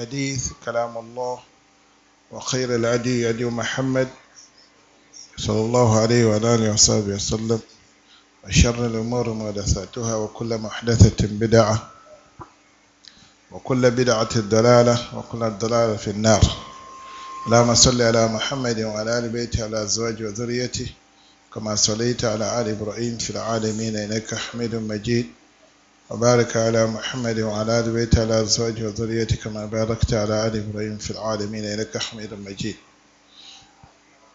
الحديث كلام الله وخير العدي هدي محمد صلى الله عليه وعلى آله وصحبه وسلم وشر الأمور محدثاتها وكل محدثة بدعة وكل بدعة الدلالة وكل الدلالة في النار اللهم صل على محمد وعلى آل بيته وعلى أزواجه وذريته كما صليت على آل إبراهيم في العالمين إنك حميد مجيد وبارك على محمد وعلى آل بيته على أزواجه وذريته كما باركت على آل إبراهيم في العالمين إنك حميد مجيد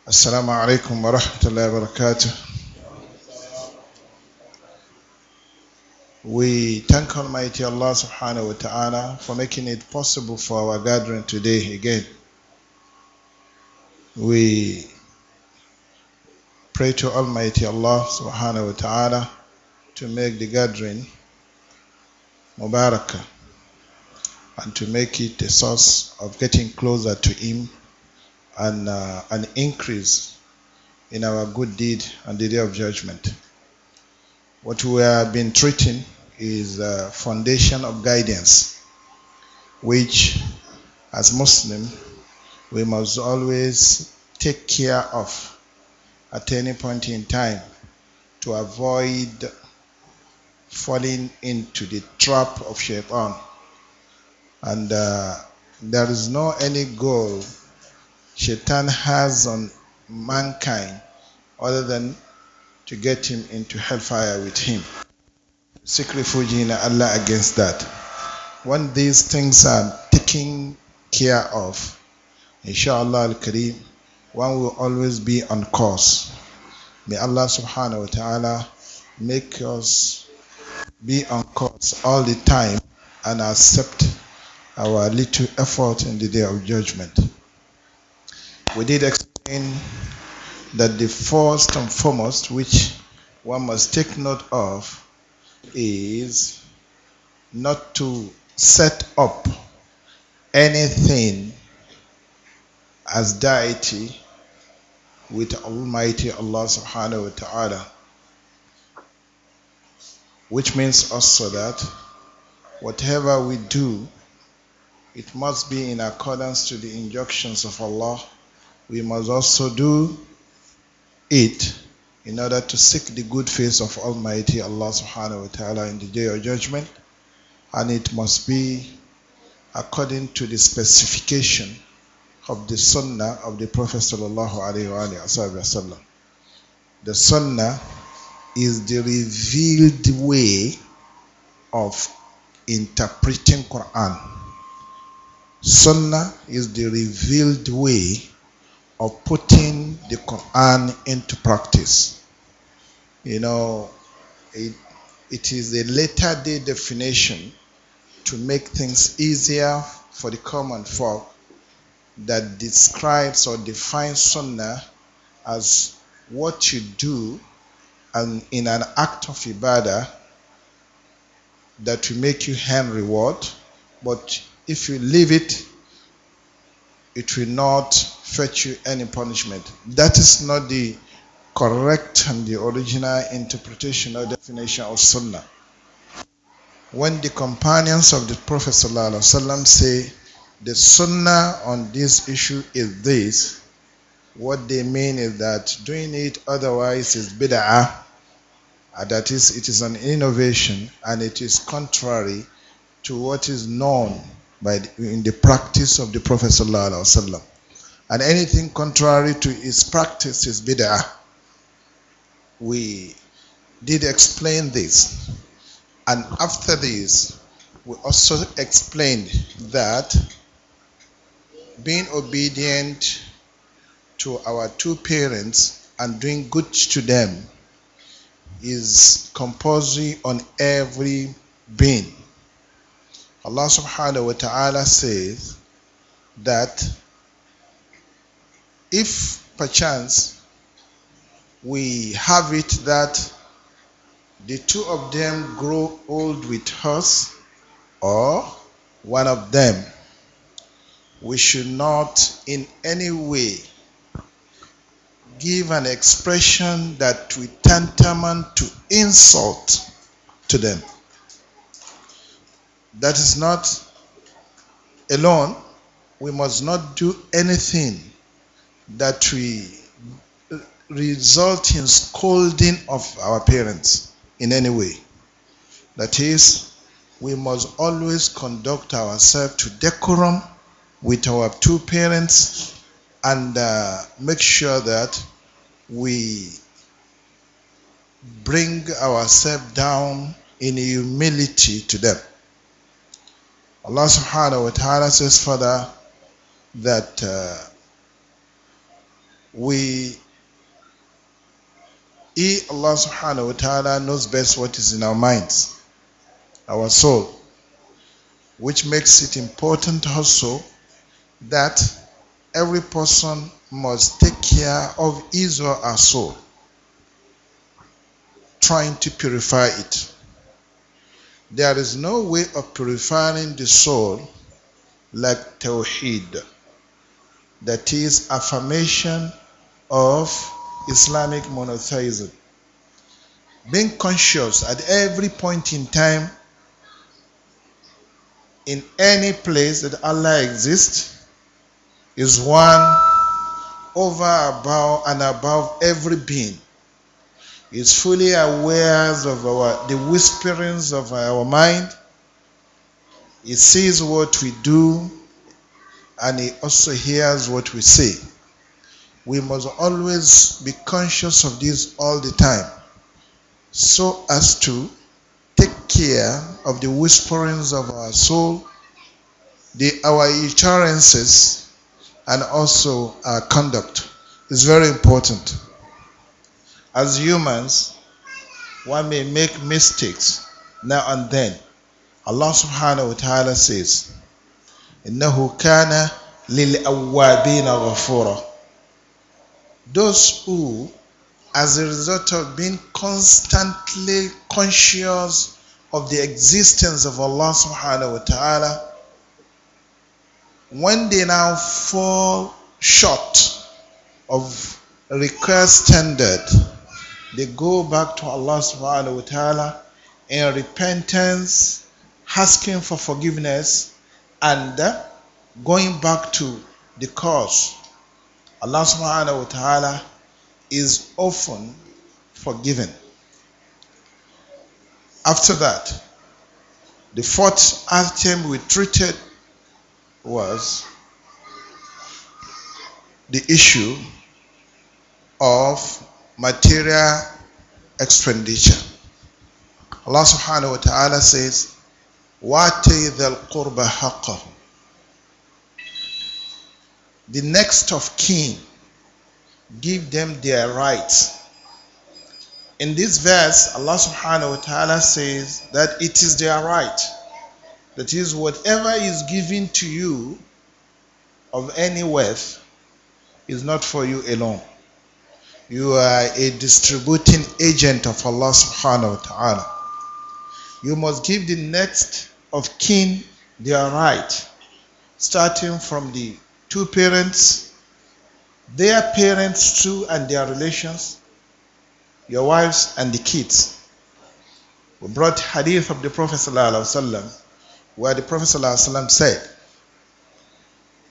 السلام عليكم ورحمة الله وبركاته We thank Almighty Allah subhanahu wa ta'ala for making it possible for our gathering today again. We pray to Almighty Allah subhanahu wa ta'ala to make the gathering Mubarak and to make it a source of getting closer to Him and uh, an increase in our good deed on the day of judgment. What we have been treating is a foundation of guidance, which as Muslim we must always take care of at any point in time to avoid falling into the trap of shaitan. And uh, there is no any goal shaitan has on mankind other than to get him into hellfire with him. Seek refuge in Allah against that. When these things are taken care of, inshallah al-kareem, one will always be on course. May Allah subhanahu wa ta'ala make us be on course all the time and accept our little effort in the day of judgment. We did explain that the first and foremost which one must take note of is not to set up anything as deity with Almighty Allah subhanahu wa ta'ala which means also that whatever we do, it must be in accordance to the injunctions of Allah. We must also do it in order to seek the good face of Almighty Allah subhanahu wa ta'ala in the day of judgment. And it must be according to the specification of the sunnah of the Prophet sallallahu alaihi wasallam. The sunnah is the revealed way of interpreting Quran. Sunnah is the revealed way of putting the Quran into practice. You know, it, it is a later day definition to make things easier for the common folk that describes or defines Sunnah as what you do and in an act of ibadah that will make you earn reward, but if you leave it, it will not fetch you any punishment. That is not the correct and the original interpretation or definition of Sunnah. When the companions of the Prophet ﷺ say the Sunnah on this issue is this, what they mean is that doing it otherwise is bid'ah uh, that is, it is an innovation and it is contrary to what is known by the, in the practice of the Prophet sallallahu And anything contrary to his practice is bid'ah. We did explain this, and after this, we also explained that being obedient to our two parents and doing good to them is compulsory on every being. Allah subhanahu wa ta'ala says that if perchance we have it that the two of them grow old with us or one of them, we should not in any way give an expression that we tantamount to insult to them. That is not alone. We must not do anything that we result in scolding of our parents in any way. That is, we must always conduct ourselves to decorum with our two parents and uh, make sure that we bring ourselves down in humility to them. Allah subhanahu wa ta'ala says further that uh, we he, Allah subhanahu wa ta'ala knows best what is in our minds, our soul, which makes it important also that every person must take care of his or her soul, trying to purify it. There is no way of purifying the soul like Tawheed, that is, affirmation of Islamic monotheism. Being conscious at every point in time, in any place that Allah exists, is one over above and above every being is fully aware of our the whisperings of our mind he sees what we do and he also hears what we say we must always be conscious of this all the time so as to take care of the whisperings of our soul the our utterances, and also our conduct is very important. As humans, one may make mistakes now and then. Allah subhanahu wa ta'ala says, إِنَّهُ كَانَ لِلْأَوَّابِينَ غَفُورًا Those who, as a result of being constantly conscious of the existence of Allah subhanahu wa ta'ala, when they now fall short of request standard, they go back to Allah subhanahu wa ta'ala in repentance, asking for forgiveness, and uh, going back to the cause. Allah subhanahu wa ta'ala is often forgiven. After that, the fourth item we treated was the issue of material expenditure. Allah subhanahu wa ta'ala says, "What is the الْقُرْبَ حَقَّهُ The next of kin, give them their rights. In this verse, Allah subhanahu wa ta'ala says that it is their right that is, whatever is given to you of any worth is not for you alone. You are a distributing agent of Allah subhanahu wa ta'ala. You must give the next of kin their right, starting from the two parents, their parents too, and their relations, your wives and the kids. We brought hadith of the Prophet sallallahu alaihi wasallam where the Prophet ﷺ said,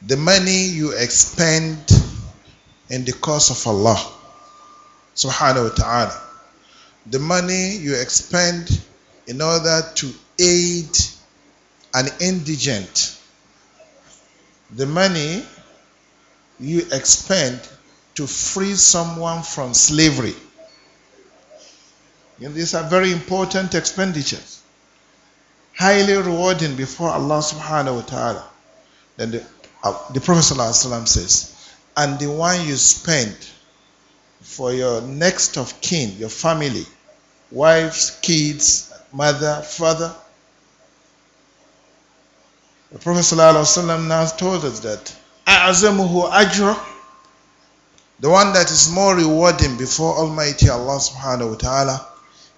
The money you expend in the cause of Allah, subhanahu wa ta'ala, the money you expend in order to aid an indigent, the money you expend to free someone from slavery. And these are very important expenditures highly rewarding before Allah subhanahu wa ta'ala. Then the, uh, the Prophet says, and the one you spend for your next of kin, your family, wives, kids, mother, father. The Prophet now told us that أَعْزَمُهُ أَجْرًا The one that is more rewarding before Almighty Allah subhanahu wa ta'ala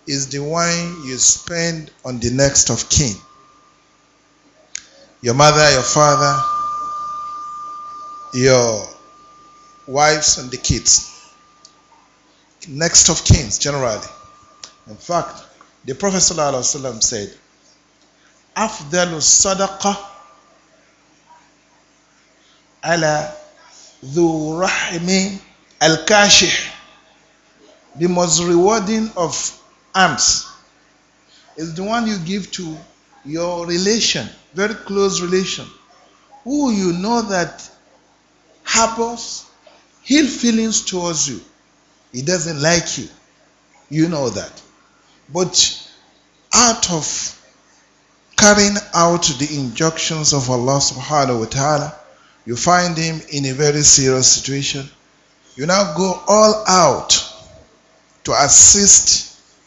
is the wine you spend on the next of kin. Your mother, your father, your wives, and the kids. Next of kin, generally. In fact, the Prophet ﷺ said, sadaqa, الصدقة على ذو al الكاشح. The most rewarding of arms is the one you give to your relation, very close relation, who you know that harbors ill feelings towards you. He doesn't like you. You know that. But out of carrying out the injunctions of Allah subhanahu wa ta'ala, you find him in a very serious situation. You now go all out to assist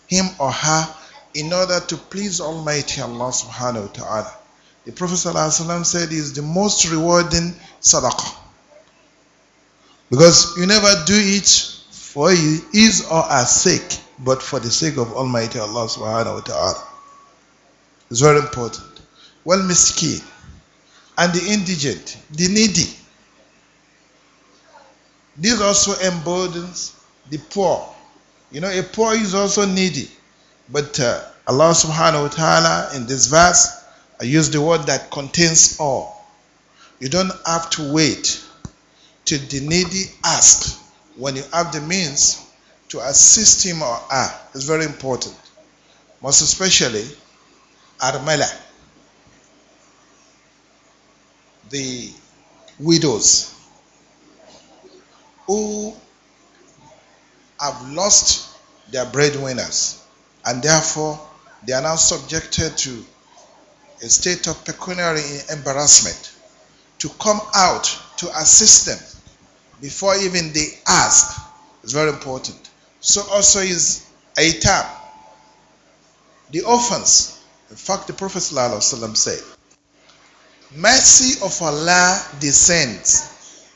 him or her in order to please Almighty Allah subhanahu wa ta'ala. The Prophet said is the most rewarding sadaqah. Because you never do it for his or her sake, but for the sake of Almighty Allah subhanahu wa ta'ala. It's very important. Well, miskin and the indigent, the needy. This also emboldens the poor you know, a poor is also needy. But uh, Allah subhanahu wa ta'ala in this verse, I use the word that contains all. You don't have to wait till the needy ask when you have the means to assist him or her. It's very important. Most especially, Armela, the widows who have lost their breadwinners and therefore they are now subjected to a state of pecuniary embarrassment to come out to assist them before even they ask is very important. So also is aitam, the offense. In fact, the Prophet said, Mercy of Allah descends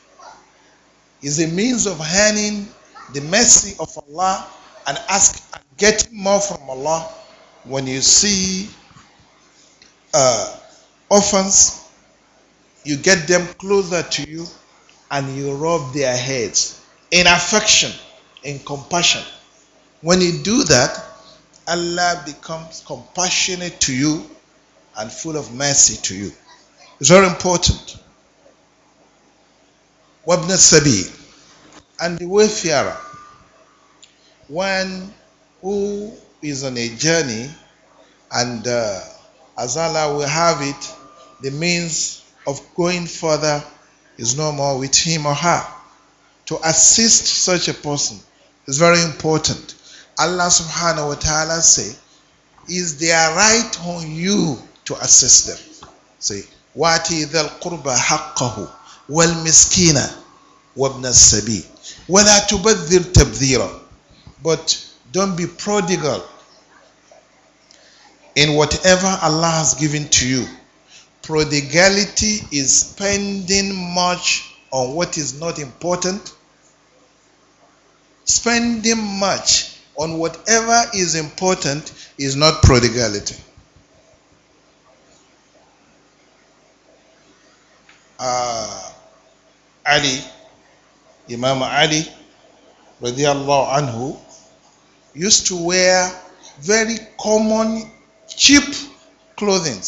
is a means of handing." the mercy of Allah and ask and get more from Allah when you see uh, orphans, you get them closer to you and you rub their heads in affection, in compassion. When you do that, Allah becomes compassionate to you and full of mercy to you. It's very important. وابن السبيل and the wayfarer, one who is on a journey and uh, as Allah will have it, the means of going further is no more with him or her. To assist such a person is very important. Allah subhanahu wa ta'ala say, is there right on you to assist them. Say, وَاتِ ذَا الْقُرْبَ حَقَّهُ وَالْمِسْكِينَ wabna السَّبِيلِ ولا تبذر تبذيرا but don't be prodigal in whatever Allah has given to you prodigality is spending much on what is not important spending much on whatever is important is not prodigality uh, Ali Imam Ali radiallahu anhu used to wear very common cheap clothing.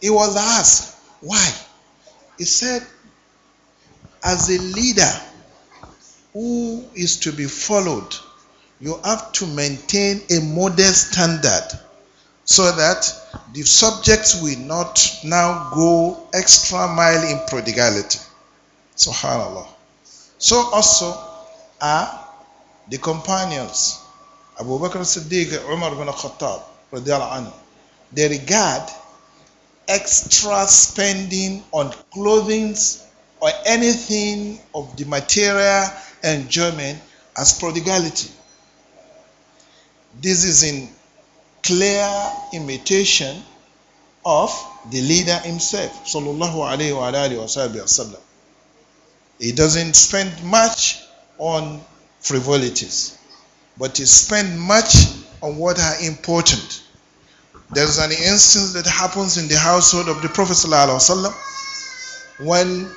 He was asked why. He said, as a leader who is to be followed, you have to maintain a modest standard so that the subjects will not now go extra mile in prodigality. SubhanAllah. So also are the companions, Abu Bakr Siddiq, Umar bin Khattab, anhu. They regard extra spending on clothing or anything of the material enjoyment as prodigality. This is in clear imitation of the leader himself, sallallahu Alaihi Wasallam. He doesn't spend much on frivolities, but he spends much on what are important. There's an instance that happens in the household of the Prophet ﷺ when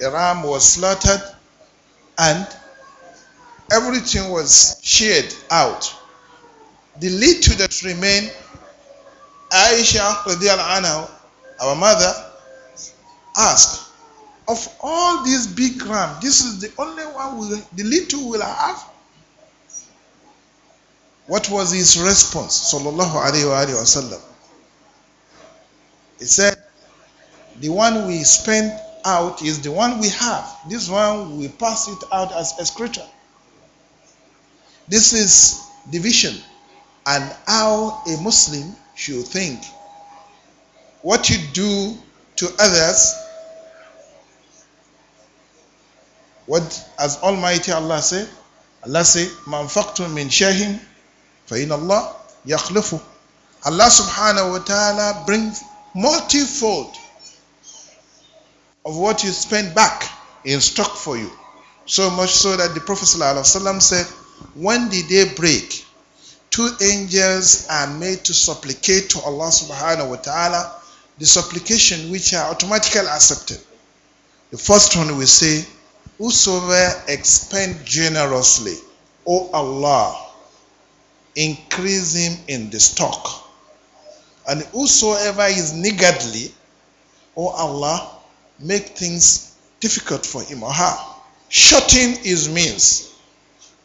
a ram was slaughtered and everything was shared out. The little that remained, Aisha, our mother, asked, Of all these big ram, this is the only one we, the little will have. What was his response? Sallallahu alayhi wasallam. He said, The one we spend out is the one we have. This one we pass it out as a scripture. This is division and how a Muslim should think. What you do to others What as Almighty Allah say? Allah say, "Man faqtum min Shayhim." fa in Allah yakhlifu." Allah subhanahu wa ta'ala brings multifold of what you spend back in stock for you. So much so that the Prophet said, When the day break, two angels are made to supplicate to Allah subhanahu wa ta'ala the supplication which are automatically accepted. The first one will say, Whosoever expend generously, O Allah, increase him in the stock. And whosoever is niggardly, O Allah, make things difficult for him or her. Shutting his means.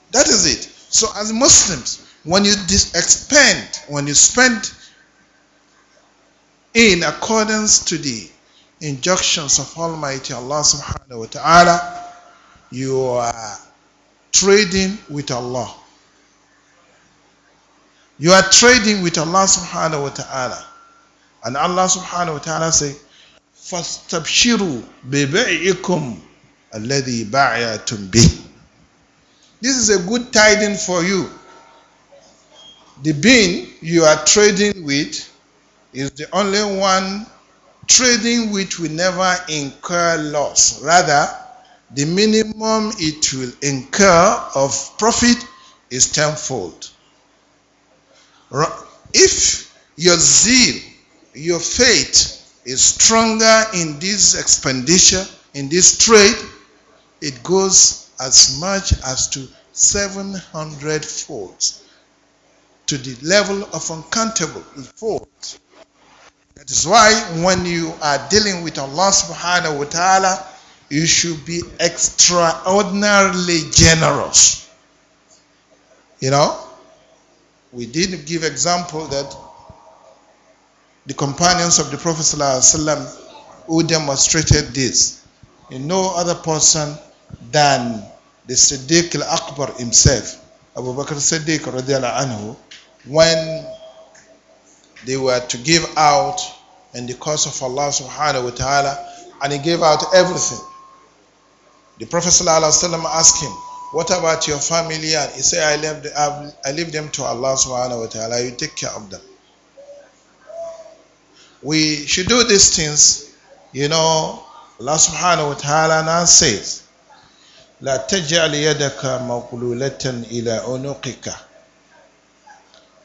That is it. So, as Muslims, when you expend, when you spend in accordance to the injunctions of Almighty Allah subhanahu wa ta'ala, you are trading with Allah. You are trading with Allah subhanahu wa ta'ala. And Allah subhanahu wa ta'ala say, فَاسْتَبْشِرُوا بِبَيْعِكُمْ الَّذِي بَعْيَتُمْ بِهِ This is a good tidings for you. The being you are trading with is the only one trading which will never incur loss. Rather, the minimum it will incur of profit is tenfold. If your zeal, your faith is stronger in this expenditure, in this trade, it goes as much as to 700 folds to the level of uncountable folds. That is why when you are dealing with Allah subhanahu wa ta'ala, you should be extraordinarily generous. You know, we did give example that the companions of the Prophet who demonstrated this. In no other person than the Siddiq al-Akbar himself, Abu Bakr Siddiq radiallahu anhu, when they were to give out in the cause of Allah subhanahu wa ta'ala, and he gave out everything. The Prophet ﷺ asked him, What about your family? And he said, I leave, I leave them to Allah subhanahu wa ta'ala. You take care of them. We should do these things, you know. Allah subhanahu wa ta'ala now says, لا تجعل يدك إلى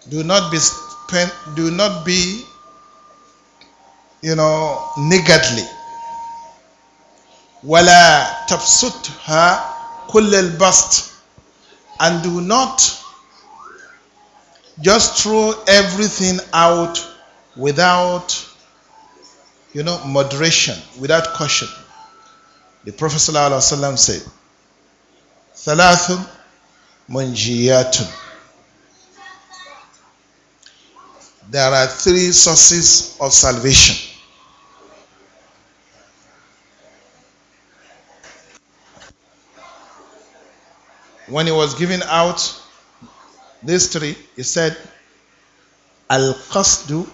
do not be do not be you know niggardly وَلَا تَبْسُطْهَا كُلَّ الْبَسْطِ And do not just throw everything out without you know moderation without caution the prophet sallallahu said there are three sources of salvation when he was giving out this tree, he said, Al Qasdu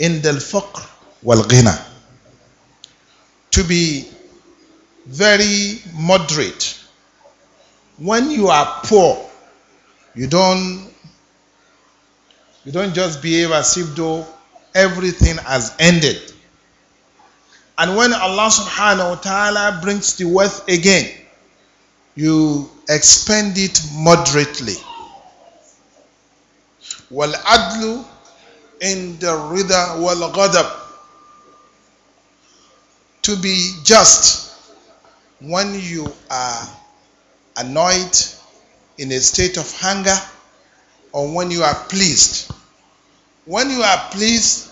Indal Faqr wal Ghina. To be very moderate. When you are poor, you don't you don't just behave as if though everything has ended. And when Allah subhanahu wa ta'ala brings the wealth again, you expend it moderately. والعدل in the rida wal to be just when you are annoyed in a state of hunger or when you are pleased when you are pleased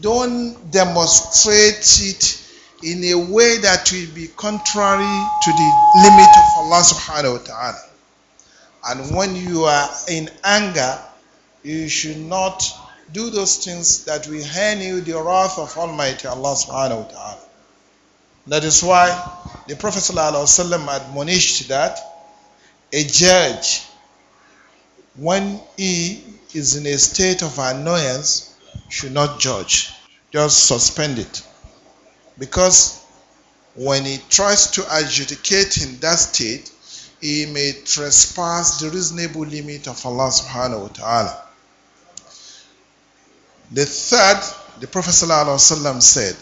don't demonstrate it in a way that will be contrary to the limit of Allah subhanahu wa ta'ala. And when you are in anger, you should not do those things that will hand you the wrath of Almighty Allah subhanahu wa ta'ala. That is why the Prophet ﷺ admonished that a judge, when he is in a state of annoyance, should not judge. Just suspend it because when he tries to adjudicate in that state, he may trespass the reasonable limit of Allah subhanahu wa ta'ala. The third, the Prophet ﷺ said,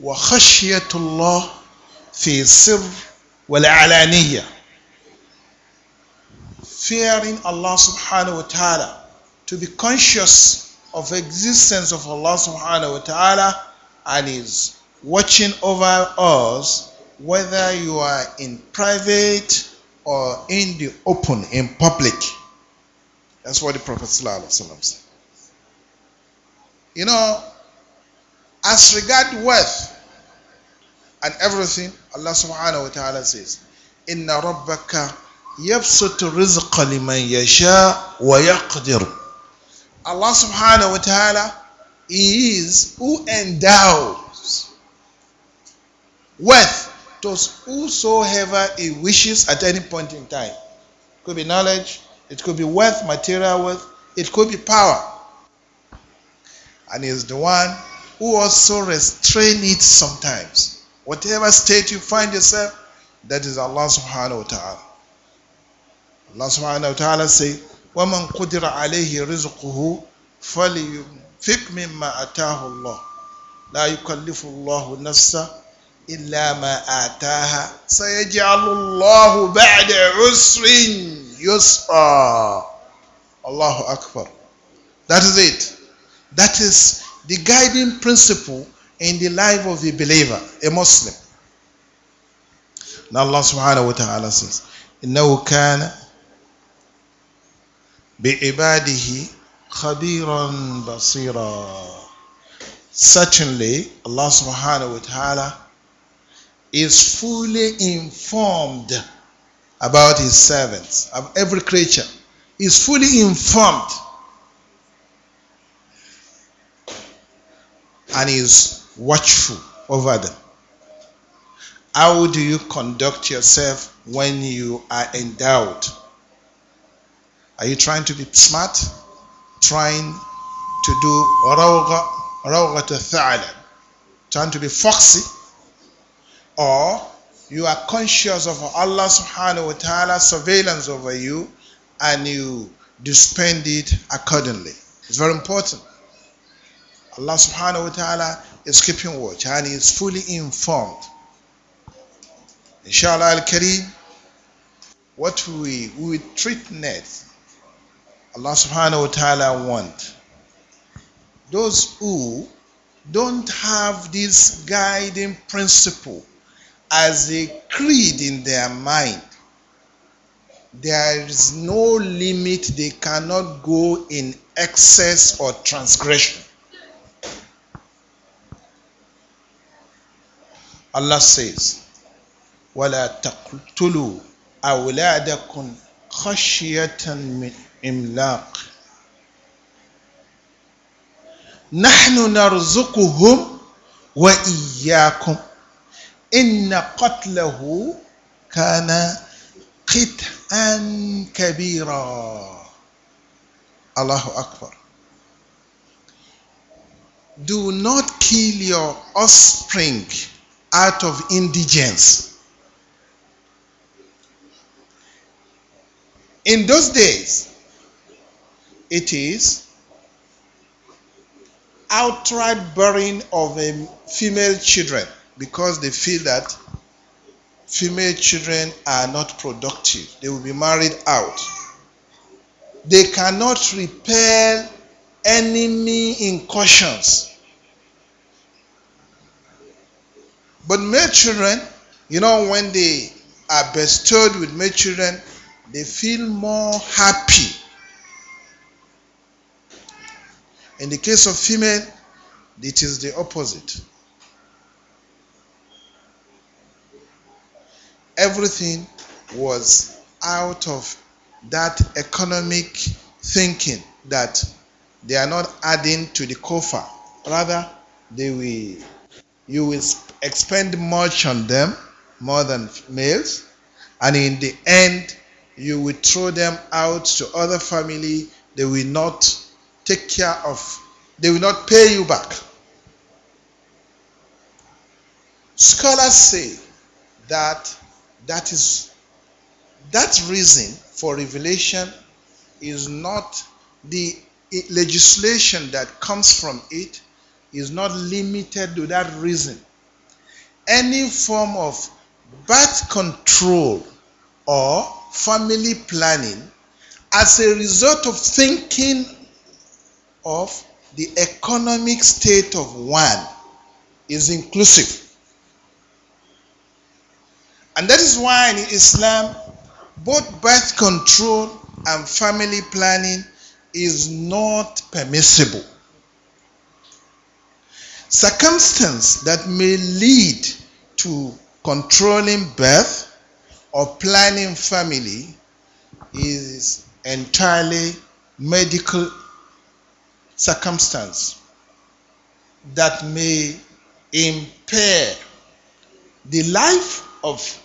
وَخَشْيَةُ اللَّهِ فِي السر وَالْعَلَانِيَّةِ Fearing Allah subhanahu wa ta'ala, to be conscious of existence of Allah subhanahu wa ta'ala and is watching over us whether you are in private or in the open, in public. That's what the Prophet said. You know, as regard wealth and everything, Allah subhanahu wa ta'ala says, Inna rabbaka yabsutu rizqa liman yasha wa yaqdir. Allah subhanahu wa ta'ala is who endows with to whosoever he wishes at any point in time. It could be knowledge, it could be wealth, material wealth, it could be power. And he is the one who also restrains it sometimes. Whatever state you find yourself, that is Allah subhanahu wa ta'ala. Allah subhanahu wa ta'ala says, ومن قدر عليه رزقه فلينفق مما آتاه الله لا يكلف الله نفسا إلا ما آتاها سيجعل الله بعد عسر يسرا الله أكبر That is it. That is the guiding principle in the life of a believer, a Muslim. Now Allah subhanahu wa ta'ala says, إنه كان بِعِبَادِهِ خَبِيرًا بَصِيرًا Certainly, Allah subhanahu wa ta'ala is fully informed about his servants, of every creature, is fully informed and is watchful over them. How do you conduct yourself when you are in doubt? Are you trying to be smart? Trying to do rawga to trying to be foxy? Or you are conscious of Allah subhanahu wa ta'ala's surveillance over you and you spend it accordingly. It's very important. Allah subhanahu wa ta'ala is keeping watch and is fully informed. Inshallah al Kareem, what we, we treat next Allah subhanahu wa ta'ala want. Those who don't have this guiding principle as a creed in their mind, there is no limit they cannot go in excess or transgression. Allah says, وَلَا تَقْتُلُوا أَوْلَادَكُمْ خَشْيَةً مِنْ imlaq نحن نرزقهم wa iyyakum قتله كان kana qit'an kabira Allahu akbar do not kill your offspring out of indigence in those days It is outright burying of a female children because they feel that female children are not productive. They will be married out. They cannot repel enemy incursions. But male children, you know, when they are bestowed with male children, they feel more happy In the case of female, it is the opposite. Everything was out of that economic thinking that they are not adding to the coffer. Rather, they will you will expend much on them, more than males, and in the end, you will throw them out to other family. They will not take care of. They will not pay you back. Scholars say that that is that reason for revelation is not the legislation that comes from it is not limited to that reason. Any form of birth control or family planning as a result of thinking of the economic state of one is inclusive. And that is why in Islam, both birth control and family planning is not permissible. Circumstance that may lead to controlling birth or planning family is entirely medical circumstance that may impair the life of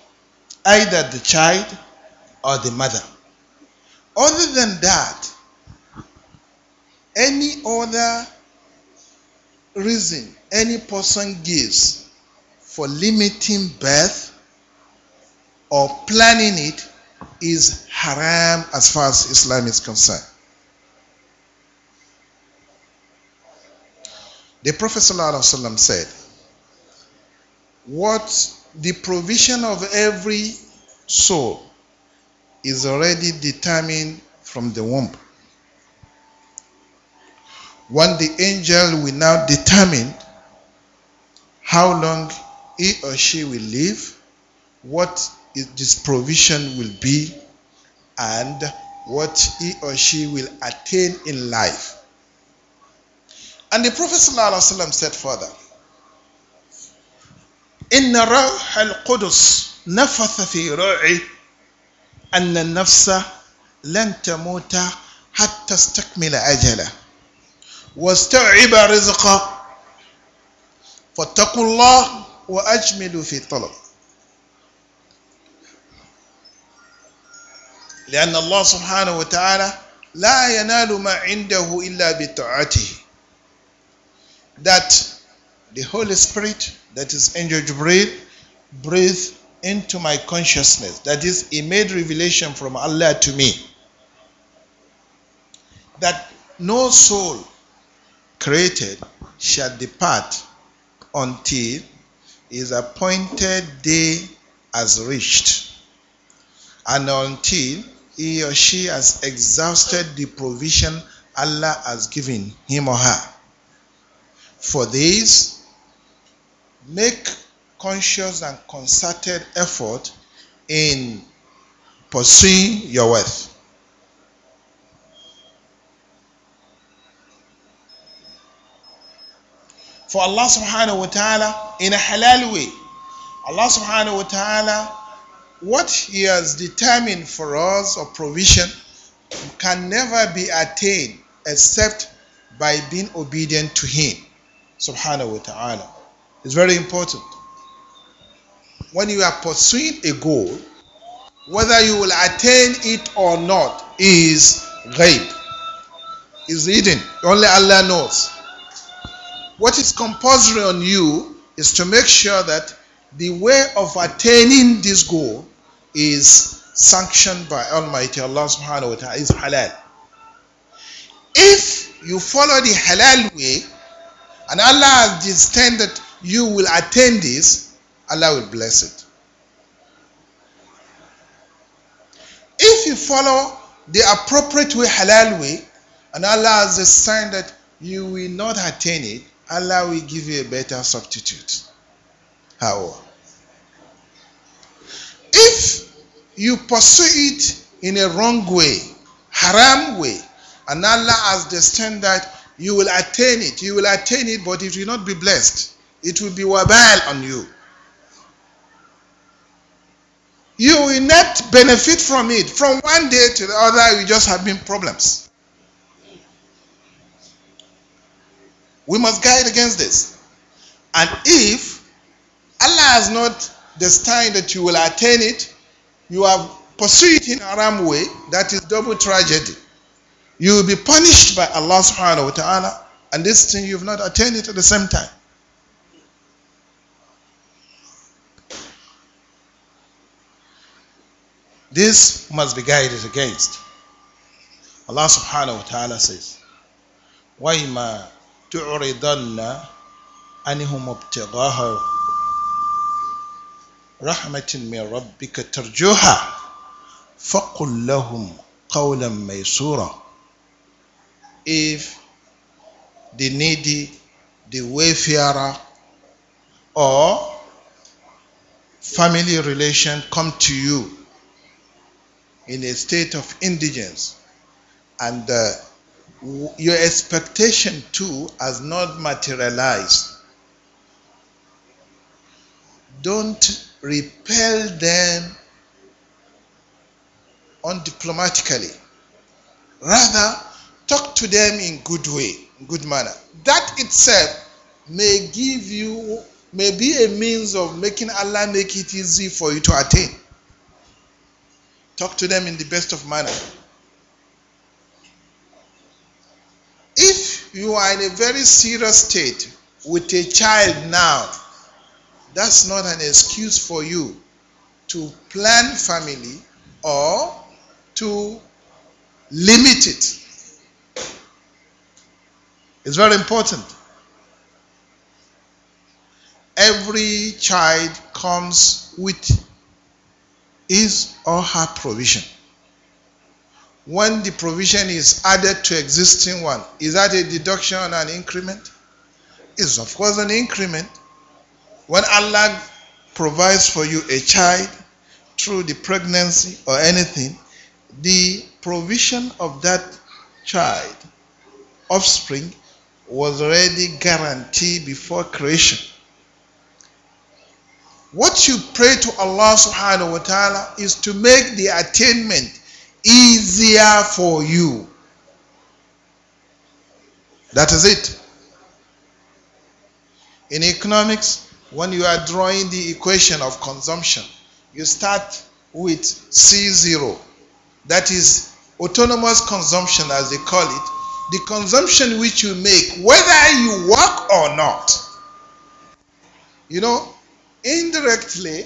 either the child or the mother. Other than that, any other reason any person gives for limiting birth or planning it is haram as far as Islam is concerned. The Prophet ﷺ said, What the provision of every soul is already determined from the womb. When the angel will now determine how long he or she will live, what this provision will be, and what he or she will attain in life. And the Prophet ﷺ said further, إن روح القدس نفث في روعي أن النفس لن تموت حتى استكمل أجله واستوعب رزقه فاتقوا الله وأجملوا في الطلب لأن الله سبحانه وتعالى لا ينال ما عنده إلا بطاعته that the Holy Spirit, that is Angel breathe, breathed into my consciousness. That is, He made revelation from Allah to me. That no soul created shall depart until his appointed day has reached, and until he or she has exhausted the provision Allah has given him or her. For this, make conscious and concerted effort in pursuing your worth. For Allah subhanahu wa ta'ala in a halal way. Allah subhanahu wa ta'ala, what He has determined for us or provision can never be attained except by being obedient to Him. subhanahu wa ta'ala. It's very important. When you are pursuing a goal, whether you will attain it or not is ghaib, is hidden. Only Allah knows. What is compulsory on you is to make sure that the way of attaining this goal is sanctioned by Almighty Allah subhanahu wa ta'ala, is halal. If you follow the halal way, and Allah has destined that you will attain this, Allah will bless it. If you follow the appropriate way, halal way, and Allah has destined that you will not attain it, Allah will give you a better substitute. However, if you pursue it in a wrong way, haram way, and Allah has destined that you will attain it. You will attain it, but it will not be blessed. It will be wabal on you. You will not benefit from it. From one day to the other, you just have been problems. We must guide against this. And if Allah has not destined that you will attain it, you have pursued it in a wrong way, that is double tragedy. You will be punished by Allah subhanahu wa ta'ala, and this thing you've not attained it at the same time. This must be guided against. Allah subhanahu wa ta'ala says, وَإِمَا تُعْرِضَنَّ أَنِهُمْ ابْتِغَاهَ رَحْمَةٍ مِّن رَبِّكَ تَرْجُوهَا فَقُلْ لَهُمْ قَوْلًا مَيْسُورًا if the needy, the wayfarer, or family relation come to you in a state of indigence and uh, your expectation too has not materialized, don't repel them undiplomatically. Rather, talk to them in good way, good manner. That itself may give you, may be a means of making Allah make it easy for you to attain. Talk to them in the best of manner. If you are in a very serious state with a child now, that's not an excuse for you to plan family or to limit it. It's very important. Every child comes with his or her provision. When the provision is added to existing one, is that a deduction or an increment? It's of course an increment. When Allah provides for you a child through the pregnancy or anything, the provision of that child, offspring, was already guaranteed before creation. What you pray to Allah subhanahu wa ta'ala is to make the attainment easier for you. That is it. In economics, when you are drawing the equation of consumption, you start with C0. That is autonomous consumption, as they call it, the consumption which you make, whether you work or not. You know, indirectly,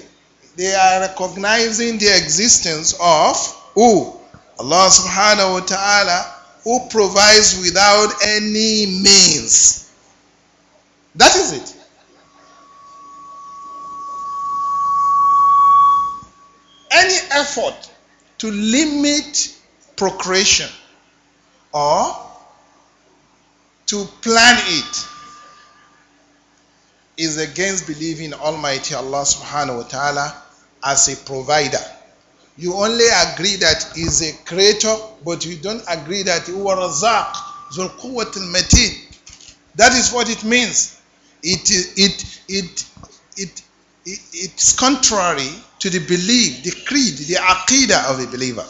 they are recognizing the existence of who? Allah subhanahu wa ta'ala, who provides without any means. That is it. Any effort to limit procreation or to plan it is against believing Almighty Allah subhanahu wa ta'ala as a provider. You only agree that He is a creator, but you don't agree that He was Razak, Zul al Matin. That is what it means. It, it, it, it, it, it's contrary to the belief, the creed, the aqidah of a believer.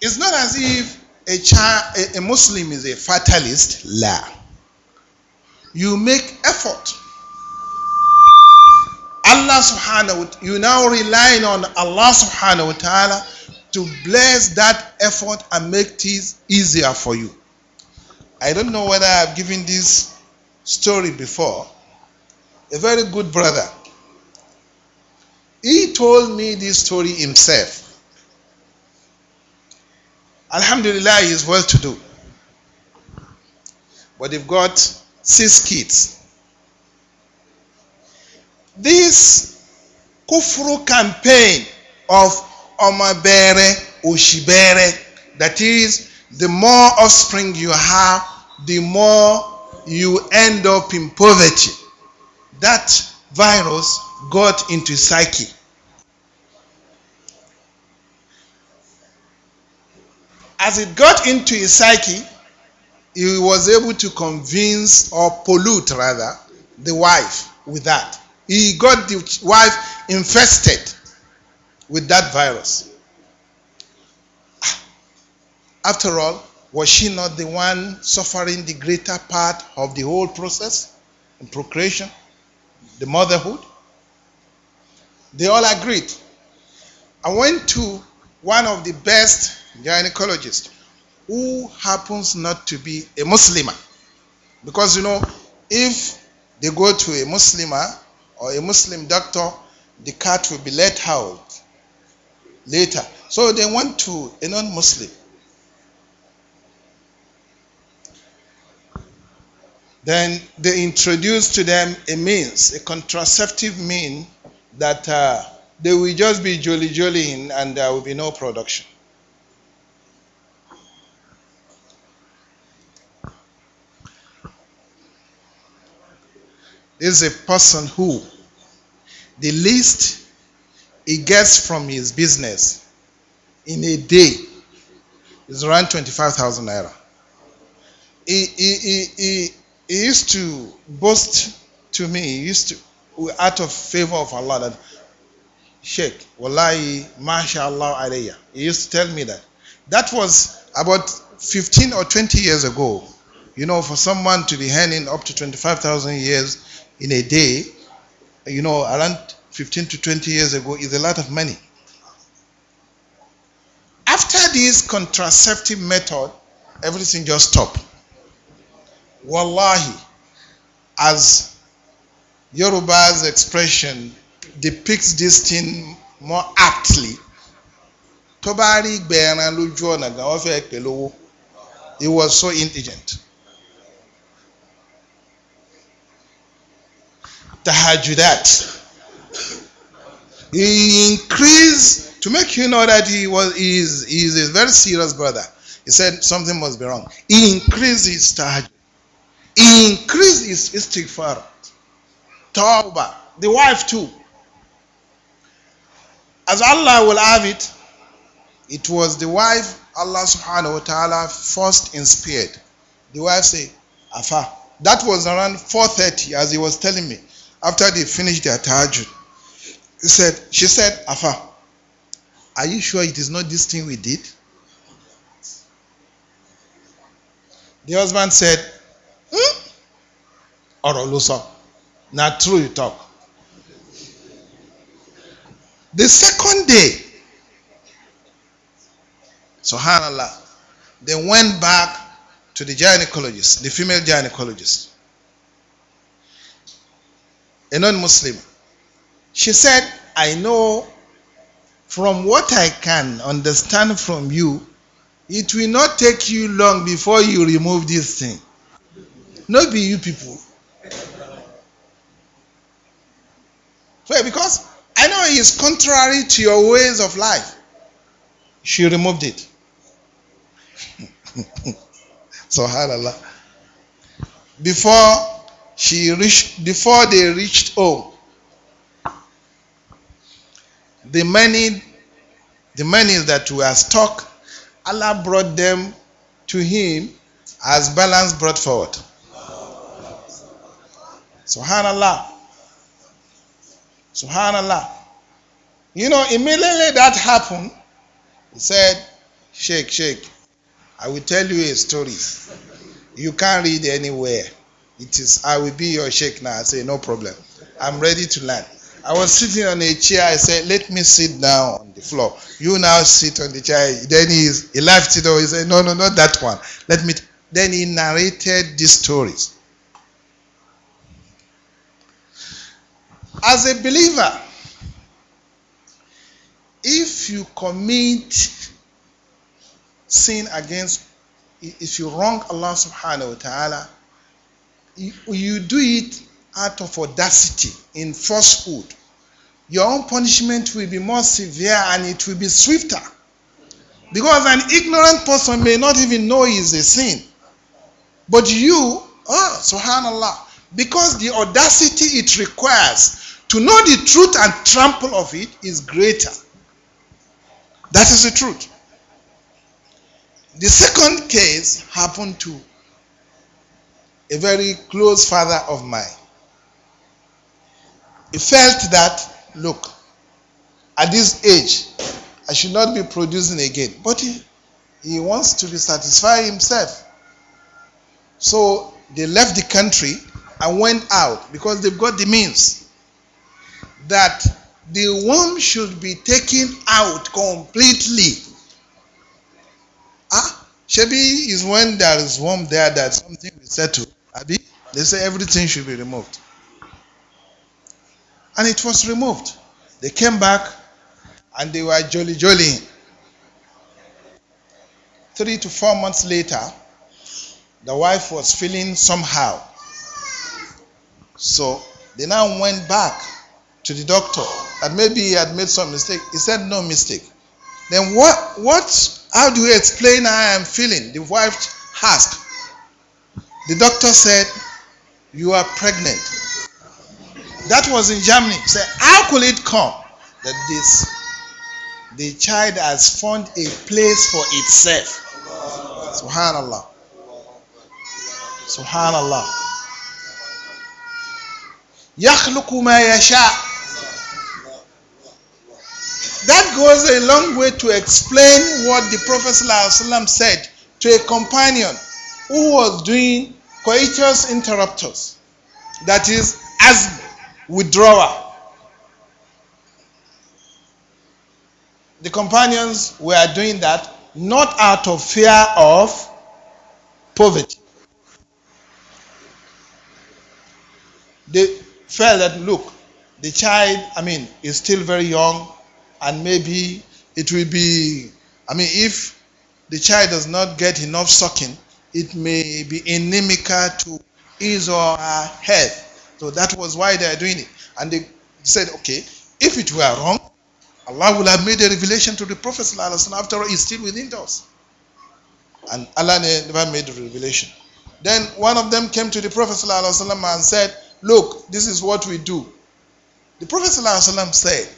It's not as if a, child, a, Muslim is a fatalist, la. You make effort. Allah subhanahu wa you now relying on Allah subhanahu wa ta'ala to bless that effort and make things easier for you. I don't know whether I've given this story before. A very good brother. He told me this story himself. Alhamdulillah, he is well to do. But they've got six kids. This Kufru campaign of Omabere Oshibere, that is, the more offspring you have, the more you end up in poverty. That virus got into psyche as it got into his psyche, he was able to convince or pollute rather the wife with that. He got the wife infested with that virus. After all, was she not the one suffering the greater part of the whole process in procreation, the motherhood? They all agreed. I went to one of the best gynecologist who happens not to be a Muslim. Because you know, if they go to a Muslim or a Muslim doctor, the cat will be let out later. So they went to a non Muslim. Then they introduced to them a means, a contraceptive means that uh, they will just be jolly jollying and there uh, will be no production. is a person who the least he gets from his business in a day is around 25,000 naira. He, he, he, he, he used to boast to me, he used to, out of favor of Allah, that Sheikh, Wallahi, MashaAllah, Alayya. He used to tell me that. That was about 15 or 20 years ago. You know, for someone to be handing up to 25,000 years in a day, you know, around 15 to 20 years ago, is a lot of money. After this contraceptive method, everything just stopped. Wallahi, as Yoruba's expression depicts this thing more aptly, tó bá rí gbẹ̀rán lójú ọ̀nà gan He was so indigent. tahajudat. He increased to make you know that he was he is, he is a very serious brother. He said something must be wrong. He increased his tahajjud. He increased his istighfar. Tawbah. The wife too. As Allah will have it, it was the wife Allah subhanahu wa ta'ala first inspired. The wife said, Afa. That was around 4.30 as he was telling me after they finished their tahajjud. He said, she said, Afa, are you sure it is not this thing we did? The husband said, hmm? Ọ̀rọ̀ Na true you talk. The second day, subhanallah, they went back to the gynecologist, the female gynecologist a non-Muslim, she said, I know from what I can understand from you, it will not take you long before you remove this thing. No be you people. Well, because I know it is contrary to your ways of life. She removed it. Subhanallah. Before she reached before they reached home the many the many that were stuck allah brought them to him as balance brought forward subhanallah subhanallah you know immediately that happened he said shake shake i will tell you a story you can't read anywhere it is, I will be your sheikh now. I say, no problem. I'm ready to learn. I was sitting on a chair. I said, let me sit down on the floor. You now sit on the chair. Then he, he left it or he said, no, no, not that one. Let me. Then he narrated these stories. As a believer, if you commit sin against, if you wrong Allah subhanahu wa ta'ala, You, you do it out of audacity, in falsehood. Your own punishment will be more severe and it will be swifter. Because an ignorant person may not even know it is a sin. But you, oh, subhanallah, because the audacity it requires to know the truth and trample of it is greater. That is the truth. The second case happened to a very close father of mine, he felt that, look, at this age, I should not be producing again. But he, he wants to be satisfy himself. So they left the country and went out because they've got the means. That the womb should be taken out completely. Ah, Shebi is when there is womb there that something will settle. Abi? They say everything should be removed. And it was removed. They came back and they were jolly jolly. Three to four months later, the wife was feeling somehow. So they now went back to the doctor that maybe he had made some mistake. He said no mistake. Then what what how do you explain how I am feeling? The wife asked. The doctor said, You are pregnant. That was in Germany. Say, how could it come that this the child has found a place for itself? Subhanallah. Subhanallah. يخلق ما يشاء that goes a long way to explain what the Prophet ﷺ said to a companion who was doing coitus interruptus, that is, as withdrawal. The companions were doing that not out of fear of poverty. They felt that, look, the child, I mean, is still very young, and maybe it will be, I mean, if the child does not get enough sucking, it may be inimical to his or her health. So that was why they are doing it. And they said, okay, if it were wrong, Allah will have made a revelation to the Prophet after all, he's still within us. And Allah never made a revelation. Then one of them came to the Prophet and said, look, this is what we do. The Prophet said,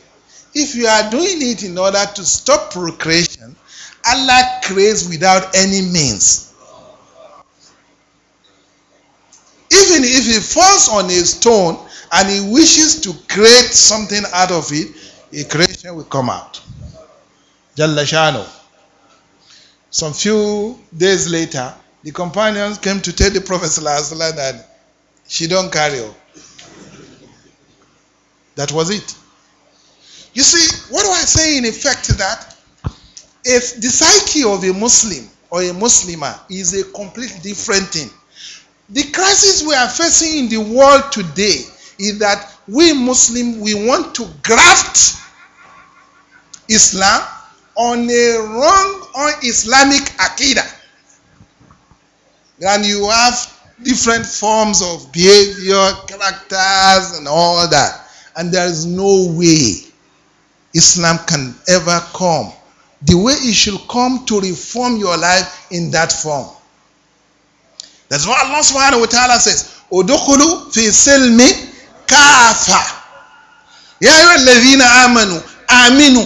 if you are doing it in order to stop procreation, Allah creates without any means. Even if he falls on a stone and he wishes to create something out of it, a creation will come out. Jalla Some few days later, the companions came to tell the Prophet that she don't carry. Her. That was it. You see, what do I say in effect that if the psyche of a Muslim or a Muslimah is a completely different thing The crisis we are facing in the world today is that we Muslims, we want to graft Islam on a wrong on Islamic akida. And you have different forms of behavior, characters, and all that. And there is no way Islam can ever come the way it should come to reform your life in that form. That's why Allah subhanahu wa ta'ala says, Udukulu fi silmi kafa. Ya ayyuha alladhina amanu, aminu.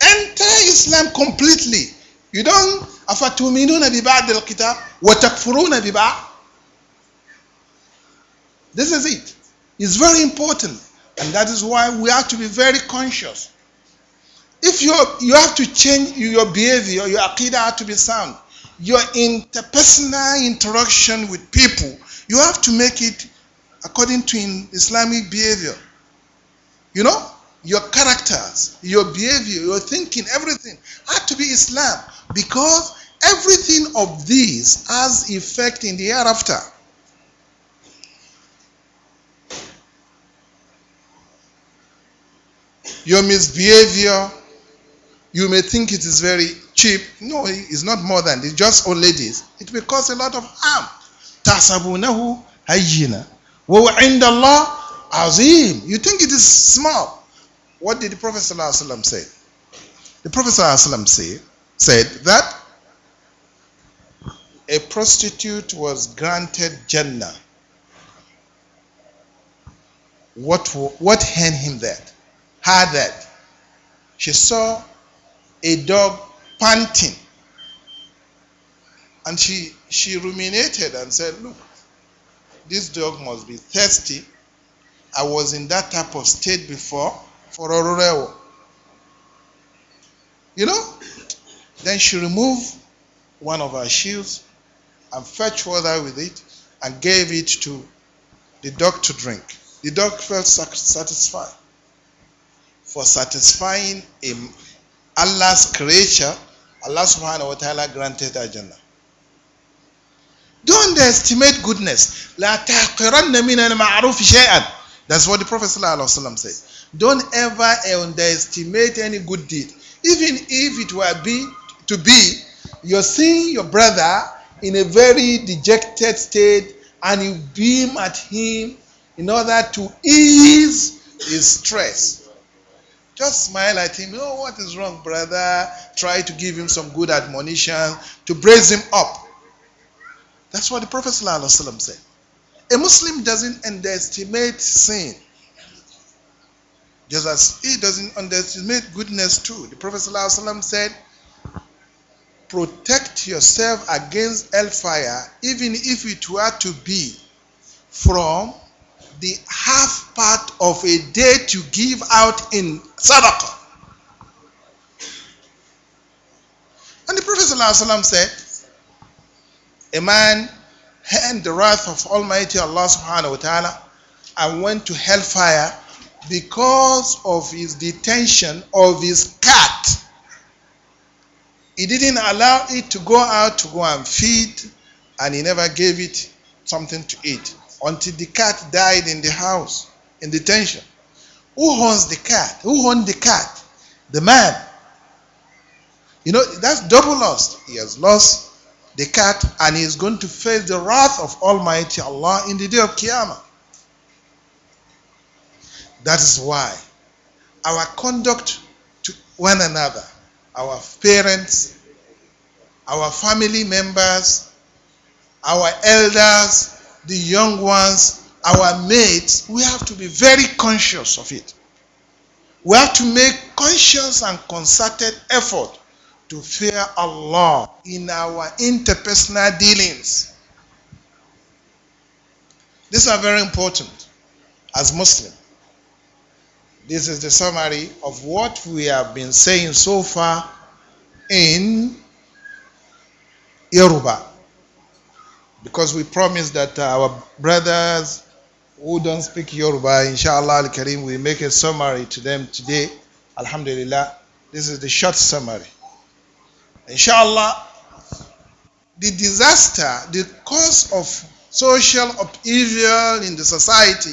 Enter Islam completely. You don't afatuminuna bi ba'd al-kitab wa takfuruna bi ba'd. This is it. It's very important. And that is why we have to be very conscious If you you have to change your behavior, your aqidah has to be sound. Your interpersonal interaction with people, you have to make it according to Islamic behavior. You know, your characters, your behavior, your thinking, everything had to be Islam because everything of these has effect in the hereafter. Your misbehavior you may think it is very cheap. No, it's not more than this. Just old ladies. It will cause a lot of harm. تَحْسَبُونَهُ هَيِّنًا وَعِنْدَ اللَّهِ عَظِيمٌ You think it is small. What did the Prophet ﷺ say? The Prophet ﷺ say, said that a prostitute was granted Jannah. What, what hand him that? had that. She saw a dog panting. And she, she ruminated and said, Look, this dog must be thirsty. I was in that type of state before for Ororeo. You know? Then she removed one of her shields and fetched water with it and gave it to the dog to drink. The dog felt satisfied for satisfying a, Allah's creature, Allah subhanahu wa ta'ala granted her Jannah. Don't underestimate goodness. لا تحقرن من المعروف شيئا. That's what the Prophet sallallahu said. Don't ever underestimate any good deed, even if it were be to be you're seeing your brother in a very dejected state, and you beam at him in order to ease his stress. Just smile at him. Oh, what is wrong, brother? Try to give him some good admonition to brace him up. That's what the Prophet said. A Muslim doesn't underestimate sin, just as he doesn't underestimate goodness too. The Prophet said, Protect yourself against hellfire, even if it were to be from the half part of a day to give out in sadaqa. And the Prophet ﷺ said, A man and the wrath of Almighty Allah subhanahu wa ta'ala and went to hellfire because of his detention of his cat. He didn't allow it to go out to go and feed, and he never gave it something to eat until the cat died in the house in detention. Who owns the cat? Who owns the cat? The man. You know, that's double loss. He has lost the cat and he is going to face the wrath of Almighty Allah in the day of Qiyamah. That is why our conduct to one another, our parents, our family members, our elders, the young ones, our mates, we have to be very conscious of it. We have to make conscious and concerted effort to fear Allah in our interpersonal dealings. These are very important as Muslims. This is the summary of what we have been saying so far in Yoruba. Because we promised that our brothers who don't speak Yoruba, inshallah al Karim, we make a summary to them today. Alhamdulillah, this is the short summary. Inshallah, the disaster, the cause of social upheaval in the society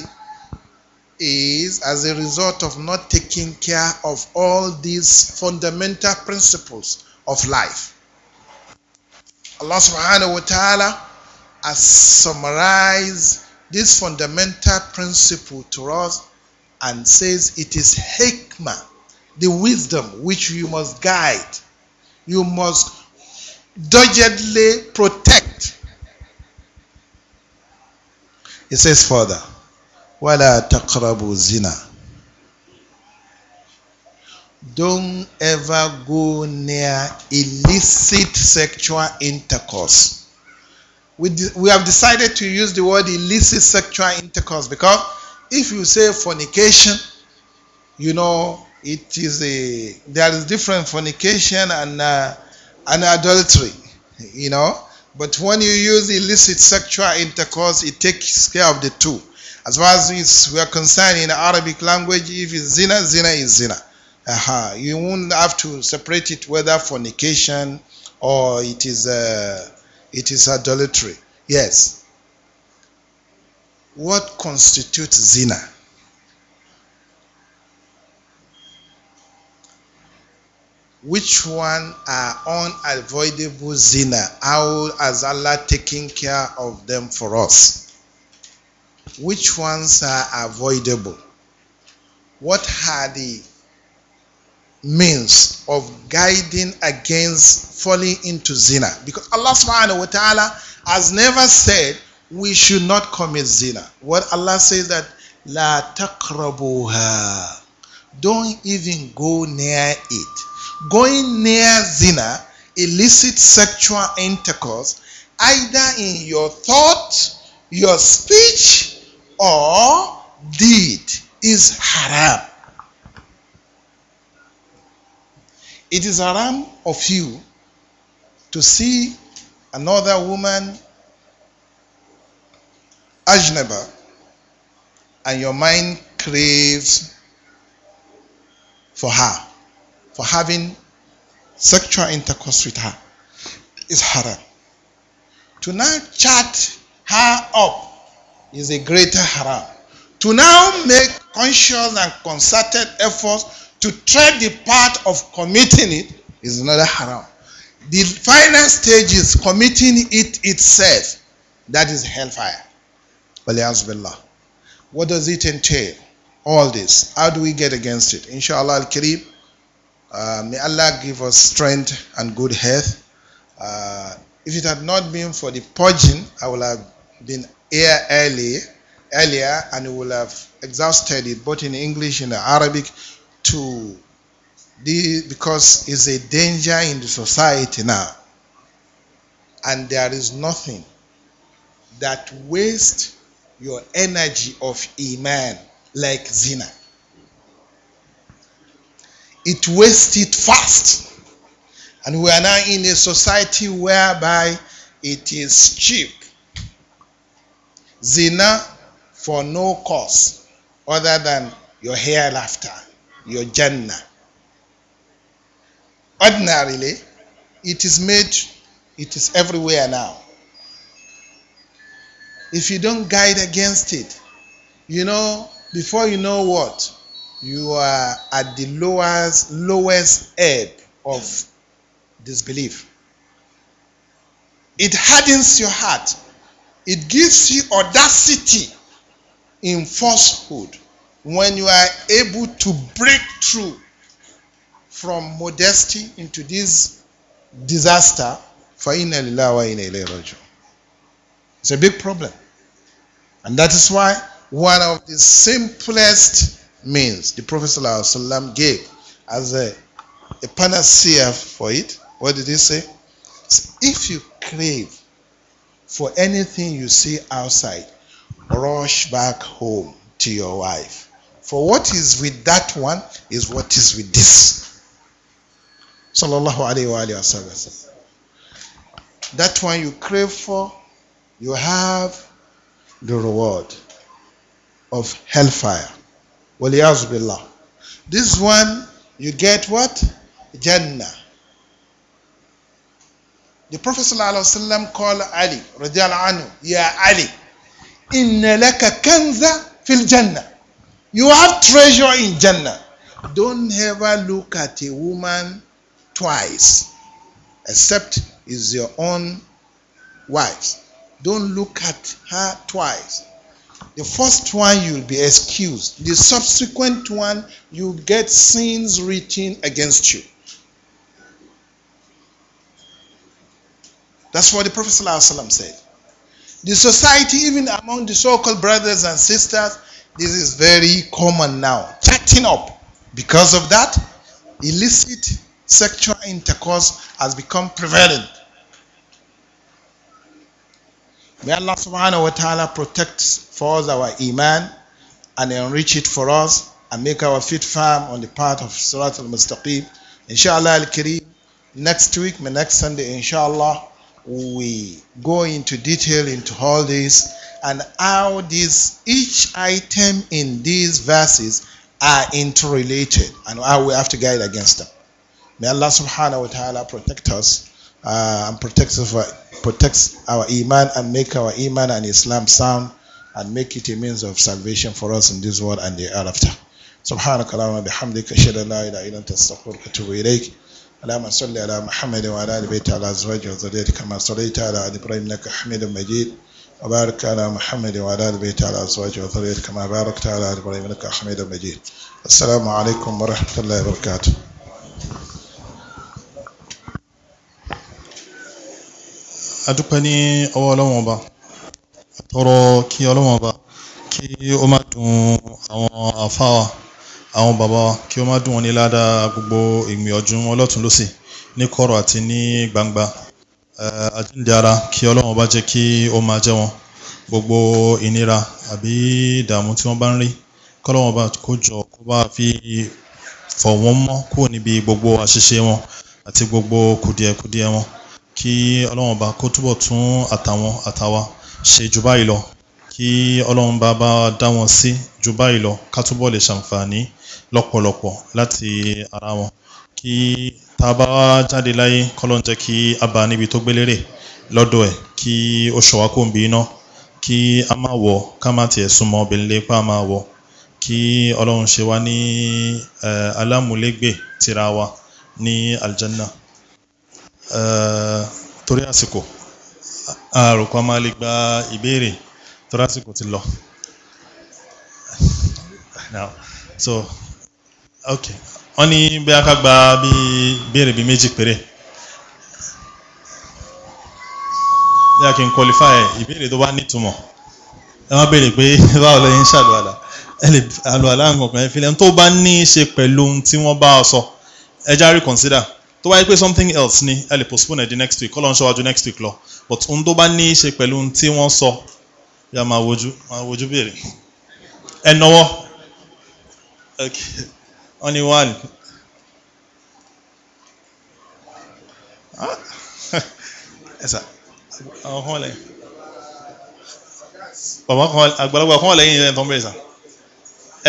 is as a result of not taking care of all these fundamental principles of life. Allah subhanahu wa ta'ala has summarized this fundamental principle to us and says it is hikmah, the wisdom which you must guide, you must doggedly protect. It says further, وَلَا تَقْرَبُوا zina. Don't ever go near illicit sexual intercourse we, de- we have decided to use the word illicit sexual intercourse because if you say fornication, you know, it is a, there is different fornication and, uh, and adultery, you know. But when you use illicit sexual intercourse, it takes care of the two. As far as we are concerned in the Arabic language, if it's zina, zina is zina. Uh-huh. You won't have to separate it whether fornication or it is uh, it is idolatry. Yes. What constitutes zina? Which one are unavoidable zina? How has Allah taken care of them for us? Which ones are avoidable? What are the means of guiding against falling into zina. Because Allah subhanahu wa ta'ala has never said we should not commit zina. What Allah says that La taqrabuha. Don't even go near it. Going near zina, illicit sexual intercourse, either in your thought, your speech, or deed, is haram. It is haram of you to see another woman ajnaba and your mind craves for her, for having sexual intercourse with her. It's haram. To now chat her up is a greater haram. To now make conscious and concerted efforts to tread the path of committing it is another haram. The final stage is committing it itself. That is hellfire. Billah. What does it entail? All this. How do we get against it? Inshallah al Kareem. Uh, may Allah give us strength and good health. Uh, if it had not been for the purging, I would have been here early, earlier and we would have exhausted it both in English and Arabic to the because it's a danger in the society now. And there is nothing that wastes your energy of iman like zina. It wastes it fast. And we are now in a society whereby it is cheap. Zina for no cause other than your hereafter. your Jannah. Ordinarily, it is made, it is everywhere now. If you don't guide against it, you know, before you know what, you are at the lowest, lowest ebb of disbelief. It hardens your heart. It gives you audacity in falsehood. when you are able to break through from modesty into this disaster, It's a big problem. And that is why one of the simplest means the Prophet ﷺ gave as a, a panacea for it, what did he say? If you crave for anything you see outside, rush back home to your wife. For what is with that one is what is with this. Sallallahu alayhi wa sallam. That one you crave for, you have the reward of hellfire. Waliyaz This one, you get what? Jannah. The Prophet ﷺ called Ali, radiallahu anhu, Ya Ali, inna laka kanza fil jannah. You have treasure in Jannah. Don't ever look at a woman twice, except is your own wives. Don't look at her twice. The first one you'll be excused. The subsequent one you get sins written against you. That's what the Prophet ﷺ said. The society, even among the so-called brothers and sisters, this is very common now. Chatting up. Because of that, illicit sexual intercourse has become prevalent. May Allah subhanahu wa ta'ala protect for us our iman and enrich it for us and make our feet firm on the path of Surat al-Mustaqim. Inshallah al-Kareem. Next week, my next Sunday, inshallah we go into detail into all this and how these each item in these verses are interrelated and how we have to guide against them. May Allah subhanahu wa ta'ala protect us uh, and protect our, protects our iman and make our iman and Islam sound and make it a means of salvation for us in this world and the hereafter. سبحانك اللهم وبحمدك اشهد ان لا اله الا انت استغفرك واتوب اليك اللهم صل على محمد وعلى ال بيته على ازواجه وذريته كما صليت على ال ابراهيم انك حميد مجيد وبارك على محمد وعلى ال بيته على ازواجه وذريته كما باركت على ال ابراهيم انك حميد مجيد السلام عليكم ورحمه الله وبركاته adúpẹ́ ní ọwọ́ ọlọ́wọ́n ọba àtọrọ kí ọlọ́wọ́n ọba kí ó má dùn àwọn àfáwà àwọn bàbá kí ó má dùn wọn ní ládàá gbogbo ìgbìyànjú ọlọ́tún lọ́sẹ̀ ní kọ̀rọ̀ àti ní gbangba àjíǹde ara kí ọlọ́run bá jẹ́ kí ó máa jẹ́ wọn gbogbo ìnira àbí ìdààmú tí wọ́n bá ń rí kọ́lọ́run bá kó jọ kó bá fi fọ̀ wọ́n mọ́ kúrò níbi gbogbo àṣìṣe wọn àti gbogbo kùdìẹ̀kùdìẹ̀ wọn kí ọlọ́run bá kó túbọ̀ tún àtàwọn àtàwa ṣe jù báyìí lọ kí ọlọ́run bá bá dá wọn sí jù báyìí lọ ká túbọ̀ lè ṣàǹfààní lọ́pọ̀lọpọ̀ láti ara wọn kí tá a bá jáde láyé kọ́lọ́n jẹ́ kí a bá níbi tó gbélérè lọ́dọ̀ ẹ̀ kí ó ṣọ̀wá kó ń bí iná kí a máa wọ̀ ká má tiẹ̀ súnmọ́ obìnrin lé pa máa wọ̀ kí ọlọ́run ṣe wá ní alámúlégbè tira wa ní aljanna torí àsìkò àròkọ máa lè gba ìbéèrè torí àsìkò ti lọ now so ok wọ́n ní bí akágbá bí béèrè bí méjì péré bí a kì í qualify ìbéèrè tó bá nítumọ̀ ẹ má béèrè pé báwo lè ń ṣàlùwàlà ẹ lè àlùwàlà nǹkan kan ìfilẹ̀ tó bá ní í ṣe pẹ̀lú ohun tí wọ́n bá ọ sọ ẹ já reconsider tó bá pé something else ni ẹ lè postpone ẹ di next week kọ́lọ́ ń ṣọ́wájú next week lọ but ohun tó bá ní í ṣe pẹ̀lú ohun tí wọ́n sọ yà máa wojú máa wojú béèrè ẹ nọwọ́. Okay. Only one. Huh? Yes, ọ̀hún ọ̀lẹ̀. Bàbá kan àgbàlagbà kan wà lẹ́yìn ẹni tó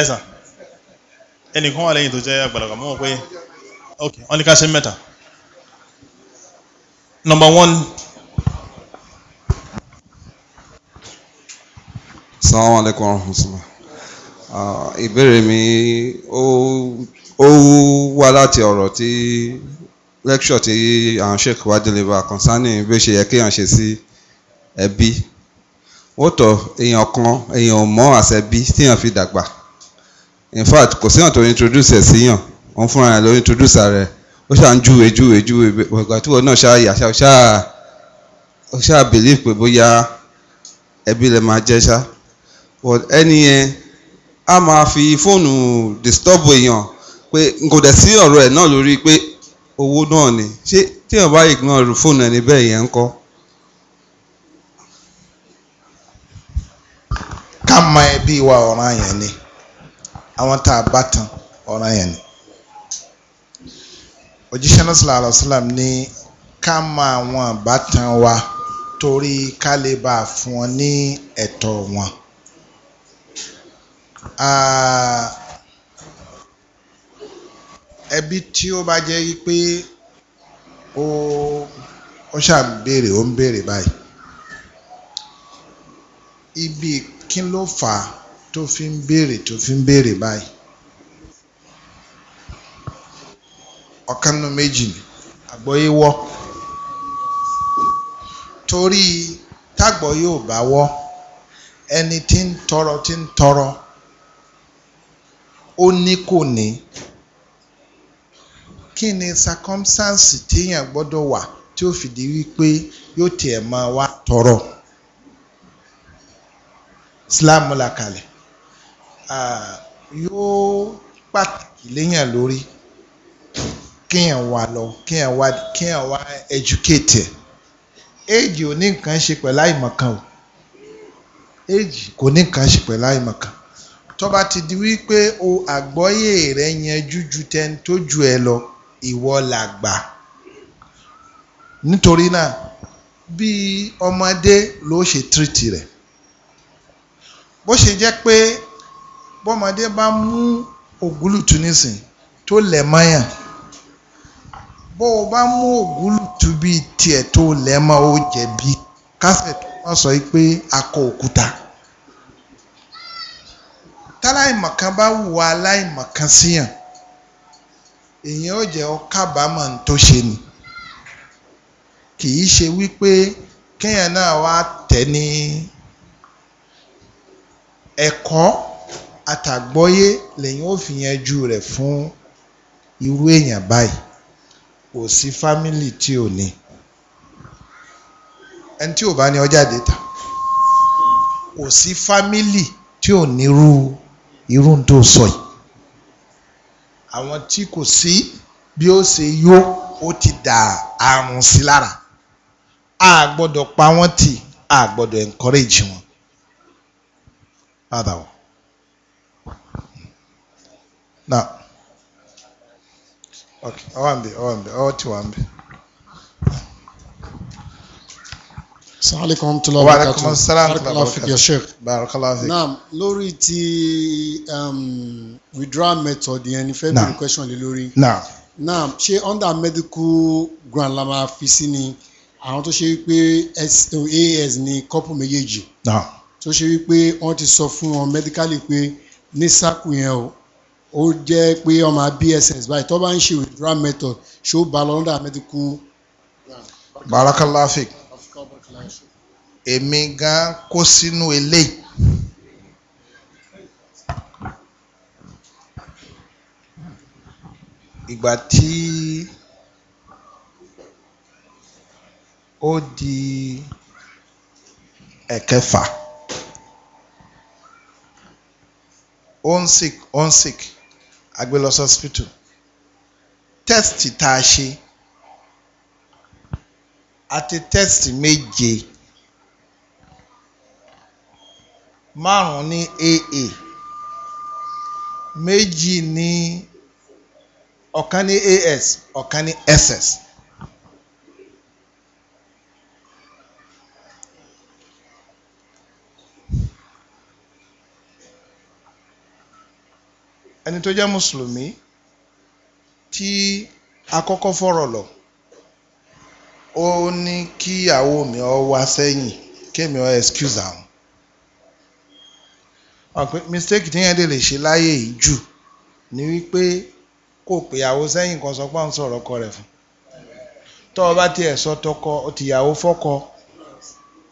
Ẹ sà. Ẹnì kan wà lẹ́yìn tó mọ́ pé ok wọ́n ní mẹ́ta. Number one. Sàlámù alaykum wa rahmatulah. ìbéèrè mi ó ó wá láti ọ̀rọ̀ tí lecture tí à ń ṣèkọ́ deliver concerning bí ó ṣe yẹ kí à ń ṣe sí ẹbí ó tọ́ èèyàn kan èèyàn ò mọ̀ àṣẹbí tíyàn fi dàgbà in fact kò síyàn tó introduce ẹ̀ síyàn òun fúnra rẹ̀ ló introduce rẹ̀ ó ṣáà ń júwe júwe júwe ìgbà tí wọn náà ṣáà yà ṣáà ṣáà believe pé bóyá ẹbí lè máa jẹ́ ṣá but ẹni yẹn a máa fi fóònù disturb èèyàn pé n kò dẹ̀ sí ọ̀rọ̀ ẹ̀ náà lórí pé owó náà ni ṣé téèyàn bá ignore fóònù ẹni bẹ́ẹ̀ yẹn ń kọ́. ká mọ ẹbí wa ọ̀ràn yẹn ni àwọn tá a bá tan ọ̀ràn yẹn ni òjíṣẹ́ náà sallallahu alaihi wasallam ní ká mọ àwọn àbátan wa torí ká lè bá a fún wọn ní ẹ̀tọ́ wọn. Ah, ẹbí tí ó bá jẹ́ pé ó ó ṣàbẹ̀rẹ̀ ó ń báyìí ibi kí ló fà á tó fi ń bèrè tó fi ń bèrè báyìí ọ̀kan méjì ni àgbọ́yé wọ́ torí tágbọ́ yóò bá wọ́ ẹni tí ń tọrọ tí ń tọrọ ó ní kò ní kí ni circumstance téèyàn gbọ́dọ̀ wà tí ó fi di wípé yóò tiẹ̀ máa wá tọrọ Islam la kalẹ̀ yóò pàtàkì léèyàn lórí kéèyàn wà lọ kéèyàn wá kéèyàn wá educate ẹ̀ éèjì ò ní nǹkan ṣe pẹ̀lú àìmọ̀kan o éèjì kò ní nǹkan ṣe pẹ̀lú àìmọ̀kan tó bá ti di wípé o àgbọ́yé rẹ yanjú ju tẹni tó ju ẹ lọ ìwọ làgbà nítorí náà bí ọmọdé ló ṣe tírìtì rẹ bó ṣe jẹ́ pé bọ́mọdé bá mú ògúlùtù nísìn tó lẹ̀ mọ́yàn bó o bá mú ògúlùtù bíi tiẹ̀ tó lẹ̀ mọ́ o jẹ̀bi kásẹ̀ tó wọ́n sọ pé akọ òkúta táláìmọ̀kan bá wùwà aláìmọ̀kan síyàn èyàn ó jẹ́ ọ kábàámọ̀ ń tó ṣe ni kì í ṣe wípé kéèyàn náà wá tẹ̀ ní ẹ̀kọ́ àtàgbọ́yé lẹ́yìn ó fi yanjú rẹ̀ fún irú èèyàn báyìí kò sí fámìlì tí ò ní ẹni tí ò bá ní ọjà dé ta kò sí fámìlì tí ò nírú irú ń tó sọ yìí àwọn tí kò sí bí ó ṣe yó ó ti dà àrùn sí lára a gbọ́dọ̀ pa wọ́n tì a gbọ́dọ̀ encourage wọn. Now. Okay, ọwọ́ àmì ọwọ́ àmì ọwọ́ tí wàá àmì. Assalamu alaikum tó lọ́wọ́ kàtó ya sheikh barakalafik naam lórí ti um, withdrawal method yẹn ni fẹ́ bí question lé lórí naam ṣé under medical grant la máa fi sí ni àwọn tó ṣe wípé AAS ni couple méjèèjì tó ṣe wípé wọ́n ti sọ fún wọn medically pé ní sáàkù yẹn o ó jẹ́ pé ọmọ BSS báyìí tó bá ń ṣe withdrawal method ṣó ba lọ under medical grant. barakalafik èmi gan kó sínú eléyìí. ìgbà tí ó di ẹ̀kẹfà ó ń sick hospital test tá a ṣe àti test méje. márùn ní AA méjì ní ọ̀kan ní AS ọ̀kan ní SS. ẹni tó jẹ́ mùsùlùmí tí akọ́kọ́ fọ̀rọ̀ lọ ó ní kíyàwó mi ọ wá sẹ́yìn kémi ọ excuse am wọn mistake tí yẹn lè ṣe láyé yìí jù ni wípé kò péyàwó sẹ́yìn kan sọ pé à ń sọ̀rọ̀ ọkọ rẹ̀ fún tọ́ ọ bá tiẹ̀ sọ tọkọ tìyàwó fọ́kọ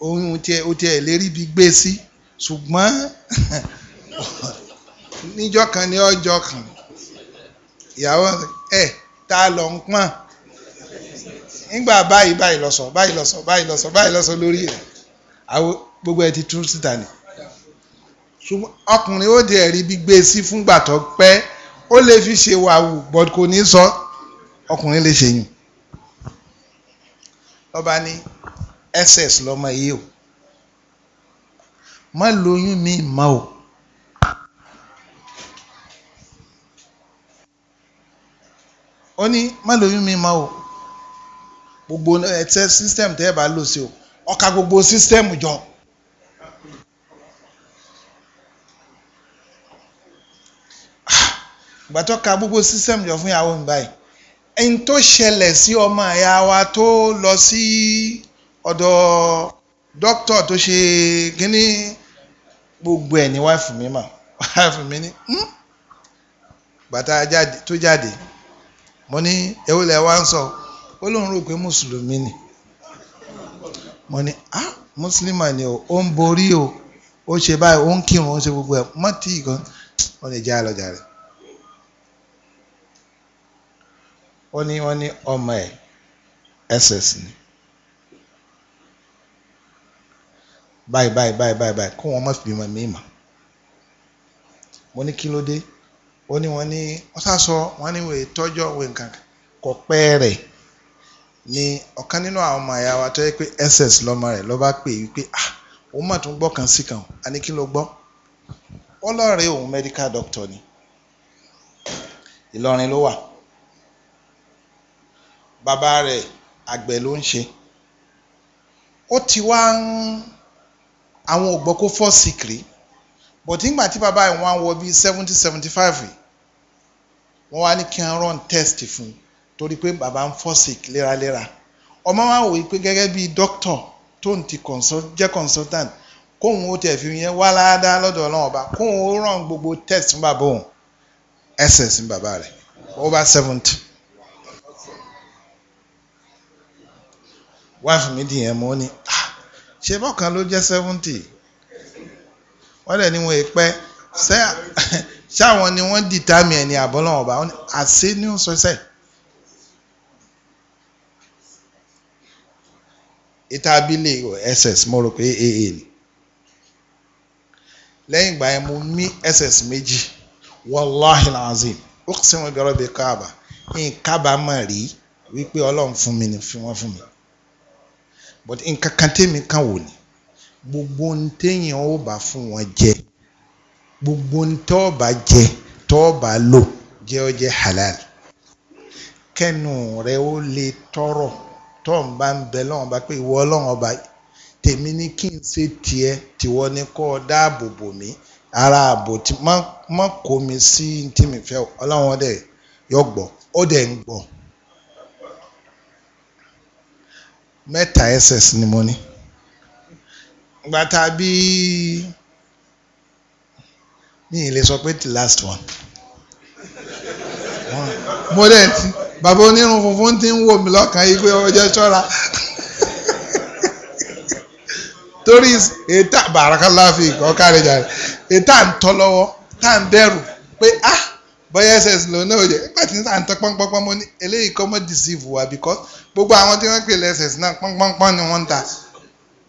ohun tiẹ̀ o tiẹ̀ lérí bí gbé sí ṣùgbọ́n níjọ́ kan ní ọjọ́ kan ìyàwó ẹ̀ tá a lọ ń pọ́n nígbà báyìí báyìí lọ sọ báyìí lọ sọ báyìí lọ sọ lórí ẹ̀ àwọn gbogbo ẹ ti tú síta nìyí ṣùgbọ́n ọkùnrin ó di ẹ̀rí gbígbé sí fúngbà tó pẹ́ ó lè fi ṣe wàhù but kò ní sọ ọkùnrin lè ṣèyìn lọ́ba ní ss lọ́mọ yìí o má lóyún mi mọ́ o. ó ní má lóyún mi mọ́ o gbogbo ẹ̀ tẹ́ system tẹ́ ẹ bá lò sí o ọkà gbogbo system jọ. ìgbà tó ka gbogbo system jọ fún ìyàwó mi báyìí ẹni tó ṣẹlẹ̀ sí ọmọ ìyá wa tó lọ sí ọ̀dọ̀ dókítà tó ṣe gíní gbogbo ẹ̀ ní wáìfù mi mà wáìfù mi ní hmm? bàtà tó jáde mo ní ewu lẹ wá ń sọ ó lóun rò pé mùsùlùmí ni mo ní ah mùsùlùmí ni o ó ń borí o ó ṣe báyìí ó ń kírun ó ń ṣe gbogbo ẹ̀ mọ́tì gan ó ní já lọ jàre. wọ́n ní wọ́n ní ọmọ ẹ̀ ss ni báyìí báyìí báyìí báyìí báyìí kó wọn má fi mọ̀ mí mà mo ní kí ló dé ó ní wọ́n ní wọ́n sá wọ́n ní wòye tọ́jọ́ wòye nǹkan kọ pẹ́ rẹ̀ ọ̀kan nínú àwọn ọmọ pé ss lọ́mọ rẹ̀ ló pè wípé ah òun mà kan sí kan a ní kí ló gbọ́ lọ́ọ̀rẹ́ òun medical doctor ni Ìlọrin wà. bàbá rẹ̀ àgbẹ̀ ló ń ṣe ó ti wá ń àwọn ògbọ́n kó fall sick rí but nígbà tí bàbá yìí wọ́n á wọ bíi seventy seventy five wọ́n wá ní kí wọ́n run test fún un torí pé bàbá ń fall sick léraléra ọmọ wa wòye pé gẹ́gẹ́ bíi doctor tóun ti jẹ́ consultant kóun ó tiẹ̀ fi yẹn wá ládàá lọ́dọ̀ ọlọ́run ọba kóun ó ràn gbogbo test fún bàbá òun ss ní bàbá rẹ̀ over seventy. wáìfù mi dì yẹn mọ́ ni ah, ṣé bọ́ọ̀kan ló jẹ́ seventy wọ́n dẹ̀ ni wọ́n è pẹ́ ṣáwọn ni wọ́n dìtámì ẹ̀ ní àbọ́lọ́wọ́n ọba àṣé ní sọ́sẹ̀. ìtàbílẹ̀ ss mo rò pé aa ni lẹ́yìn ìgbà yẹn mo mí ss méjì wàláhi lazim ó sì wọ́n gbọ́dọ̀ bí káàbà ní kábàámọ̀ rí wípé ọlọ́run fún mi ni fi wọ́n fún mi but nǹkan kan tèmi kan wò ni gbogbo ń téèyàn ó bá fún wọn jẹ gbogbo ń jẹ tọ́ lò jẹ́ ọ jẹ́ halal kẹnu rẹ ó lè tọrọ tọ́ ń bá ń bẹ lọ́wọ́n bá pé ìwọ ọlọ́run ọba tèmi ní kí n ṣe tiẹ̀ tiwọ ní kọ́ ọ dáàbò bò mí ara ààbò tí má kó mi sí tí mi fẹ́ ọlọ́run ọdẹ yọ gbọ́ ó dẹ̀ ń gbọ́. mẹ́ta ss ni mo ní gbàtà bí mi ì lè sọ pé the last one mo dẹ̀ ti bàbá onírun funfun ti ń wò mí lọ́kàn yìí pé ọjọ́ ṣọ́ra torí ètà bàrákàláfì ọ̀kàrẹ̀jà ètà ń tọ́ lọ́wọ́ tá à ń bẹ̀rù pé ah bóyá ss lòun náà yẹ nígbà tí à ń tán pọ́npọ́npọ́n mo ní eléyìí kọ́ mọ́ deceive wa because gbogbo àwọn tí wọ́n pè lẹ́sẹ̀sì náà pọ́npọ́npọ́n ni wọ́n ń ta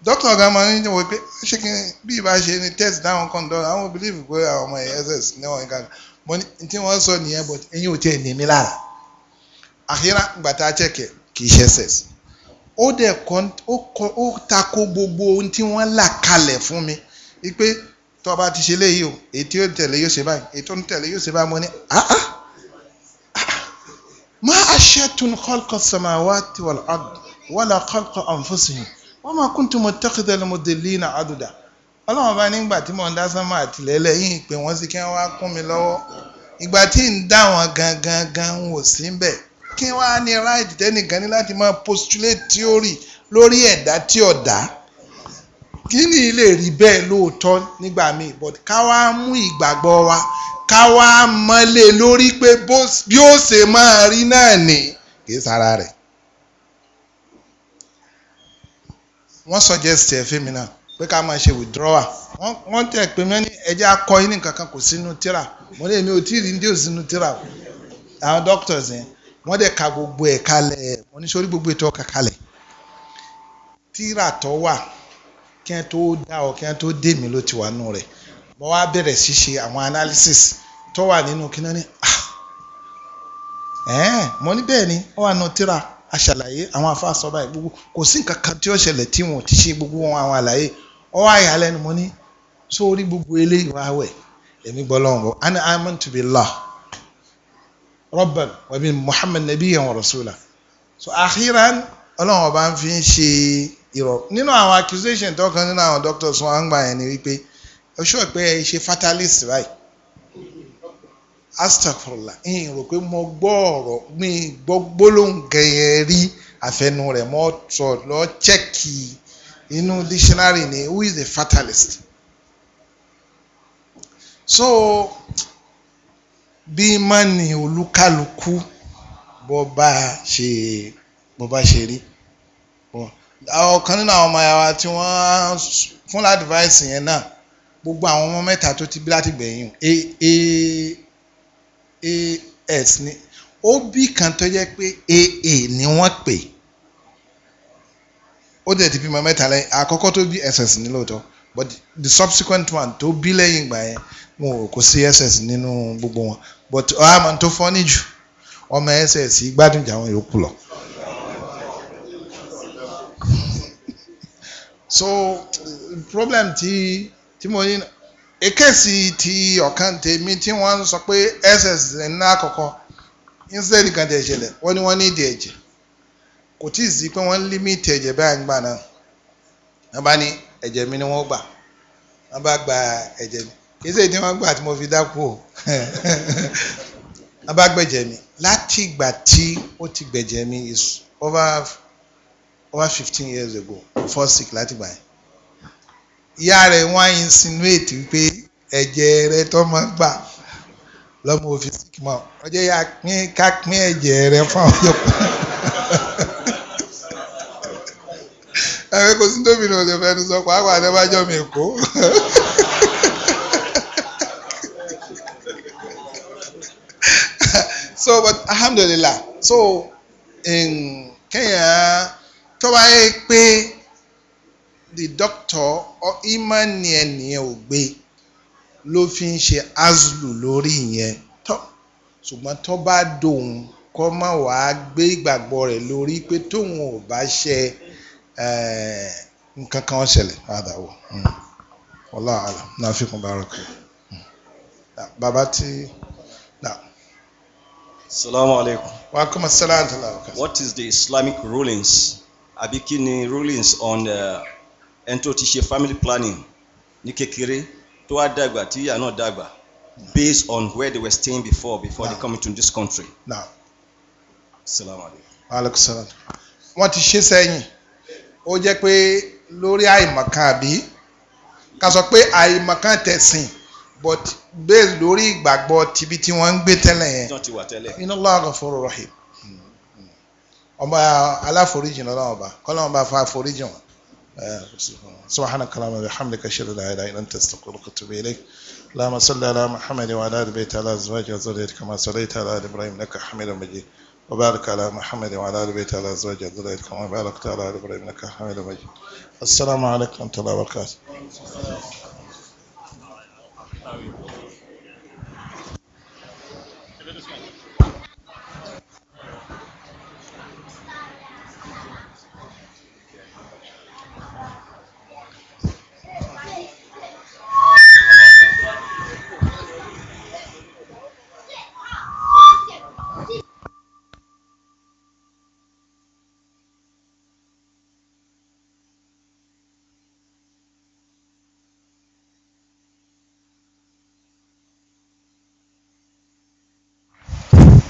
dókítà ọ̀gá máa ń wọ pé ṣé kí bí ìbá ṣe ni test dáhùn kan dọ́ra àwọn believe pé àwọn ọmọ ss ní wọn kan mo ní tí wọ́n sọ nìyẹn but eyín ò tiẹ̀ ní mi lára àhírà gbàtà chẹ́kẹ̀ kì í ṣe ss ó dẹ̀ kọ́ ó takò gbogbo ohun tí wọ́n là kalẹ̀ fún mi wípé tó o bá ti ṣe léyìí o èyí tí ó tẹ̀lé yóò ṣe báyìí èyí tó ń tẹ̀lé yóò ṣe báyìí mo ní àá ah, ah, ah, ma ashatun khalqa samawati wal ard wala khalqa anfusihim wa ma kuntu muttakhidhal mudillina aduda ọlọ́run bá nígbà tí mò ń dá sánmà àtìlẹ́lẹ̀ yìí pé wọ́n sì kí wọ́n wá kún mi lọ́wọ́ ìgbà tí ń dá wọn gangan gan wò sí ń kí wọ́n á ní ráìdì tẹ́nìkan ní láti máa postulate theory lórí ẹ̀dá tí ọ̀dá. kíní lè rí bẹ́ẹ̀ lóòótọ́ nígbà míì but ká wá mú ìgbàgbọ́ wa ká wá mọ́lé lórí pé bí ó ṣe máa rí náà ni kì í sara rẹ̀. wọ́n suggest ẹ̀ fún mi náà pé ká máa ṣe withdrawal wọ́n tẹ̀ pé mẹ́ni kò sínú tíra mo lè mi ò tí ì rí ní ò sínú tíra o àwọn doctors yẹn wọ́n dẹ̀ ka gbogbo ẹ̀ kalẹ̀ wọ́n gbogbo ètò kalẹ̀ tíra kí wọ́n tó dá ọ kí wọ́n tó dé mi ló ti wà nù rẹ̀ mo wá bẹ̀rẹ̀ sí àwọn analysis tó wà nínú kí náà ni ah ẹ̀ẹ́n mo ní bẹ́ẹ̀ ni ó wà nù tíra aṣàlàyé àwọn afáàsọ báyìí gbogbo kò sí nǹkan kan tí ó ṣẹlẹ̀ tí wọn ò ti ṣe gbogbo wọn àwọn àlàyé ó wá ìyàlẹ́nu mo ní sórí gbogbo eléyìí wá wẹ̀ èmi gbọ́ lọ́wọ́ ana amantu billah rabban wa bi muhammad nabiyyan wa rasula so akhiran ọlọ́run ọba ń fi ń ṣe irọ́ nínú àwọn accusation tó kan nínú àwọn doctors wọn ń gbà yẹn ni wípé ó ṣọ́ pé ẹ ṣe fatalist right astagfirullah ẹ̀yìn rò pé mo gbọ́ ọ̀rọ̀ mi gbọ́ gbólóhùn gẹ̀yẹ rí àfẹnu rẹ̀ mọ́ sọ lọ chẹ́kì inú dictionary ni who is a fatalist so bí mọ́ni olúkálukú bó bá ṣe bó bá ṣe rí ọ̀kan nínú àwọn ọmọ ya wa tí wọ́n fún ládìváìsì yẹn náà gbogbo àwọn ọmọ mẹ́ta tó ti bí láti gbẹ̀yìn aas ni ó bí kan tó jẹ́ pé aa ni wọ́n pè ó dẹ̀ ti bímọ mẹ́ta lẹ́yìn àkọ́kọ́ tó bí ss ní lóòótọ́ but the subsequent one tó bí lẹ́yìn ìgbà yẹn wọn ò kó sí ss nínú gbogbo wọn but ọ̀hánmọ́ tó fọ́ níjù ọmọ ss gbádùn jà wọn yòókù lọ. so problem ti tí mo ní èkèsì ti ọ̀kan tèmi tí wọ́n ń sọ pé ss ní àkọ́kọ́ instead kan tẹ̀ ṣẹlẹ̀ wọ́n ní wọ́n ní ìdí ẹ̀jẹ̀ kò tí ì sí pé wọ́n límìtì ẹ̀jẹ̀ báyìí gbà náà wọ́n bá ní ẹ̀jẹ̀ mi ni wọ́n gbà wọ́n bá gba ẹ̀jẹ̀ mi kì í tí wọ́n gbà tí mo fi dákú o bá gbẹ̀jẹ̀ mi láti ìgbà tí ó ti gbẹ̀jẹ̀ mi is over over fifteen years ago before sick láti gbà yẹn ìyá rẹ̀ wọ́n á insinuate wípé ẹ̀jẹ̀ rẹ̀ tọ́mọ gbà lọ́mọ òfin sick mọ́ ọjọ́ yà pín ká pín ẹ̀jẹ̀ rẹ̀ fún àwọn yòókù ẹ̀rẹ́ kò sí tóbi ní ọ̀sẹ̀ fẹ́ẹ́ sọ pàápàá àdébájọ́ mi kó. so but alhamdulillah so kenya tó bá yẹ pé the doctor ìmọ̀ni ẹnìyẹn ò gbé ló fi ń ṣe azlu lórí yẹn tó ṣùgbọ́n tó bá dòun kọ́ má wàá gbé ìgbàgbọ́ rẹ̀ lórí pé tóun ò bá ṣe nǹkan kan ṣẹlẹ̀ àdàwọ̀ hmm. wallahu náà fi kún bára kù bàbá tí. Assalamu alaikum. Wa alaikum assalam. What is the Islamic rulings àbí kí ni rulings on eh, ẹni tó ti ṣe family planning ní kékeré tó wá dàgbà tí ìyá náà dàgbà based on where they were staying before before now. they come into this country. now salaamaleykum. aleykum salaam. wọ́n ti ṣe sẹ́yìn ó jẹ́ pé lórí àìmọ̀kan àbí ká sọ pé àìmọ̀kan tẹ̀sìn but based lórí ìgbàgbọ́ tibí tí wọ́n ń gbé tẹ́lẹ̀ yẹn. iná lọ́wọ́ àgọ́ fọ́rọ̀ rọ̀hìn ọba aláforíjìn lọ́lọ́wọ́ bá kọ́lọ́wọ́ bá fa àforíjìn wọn. سبحانك اللهم وبحمدك اشهد ان لا اله الا انت استغفرك واتوب اليك اللهم صل على محمد وعلى ال بيت على ازواج وذريته كما صليت على ال ابراهيم انك حميد مجيد وبارك على محمد وعلى ال بيت على ازواج وذريته كما باركت على ال ابراهيم انك حميد مجيد السلام عليكم ورحمه الله وبركاته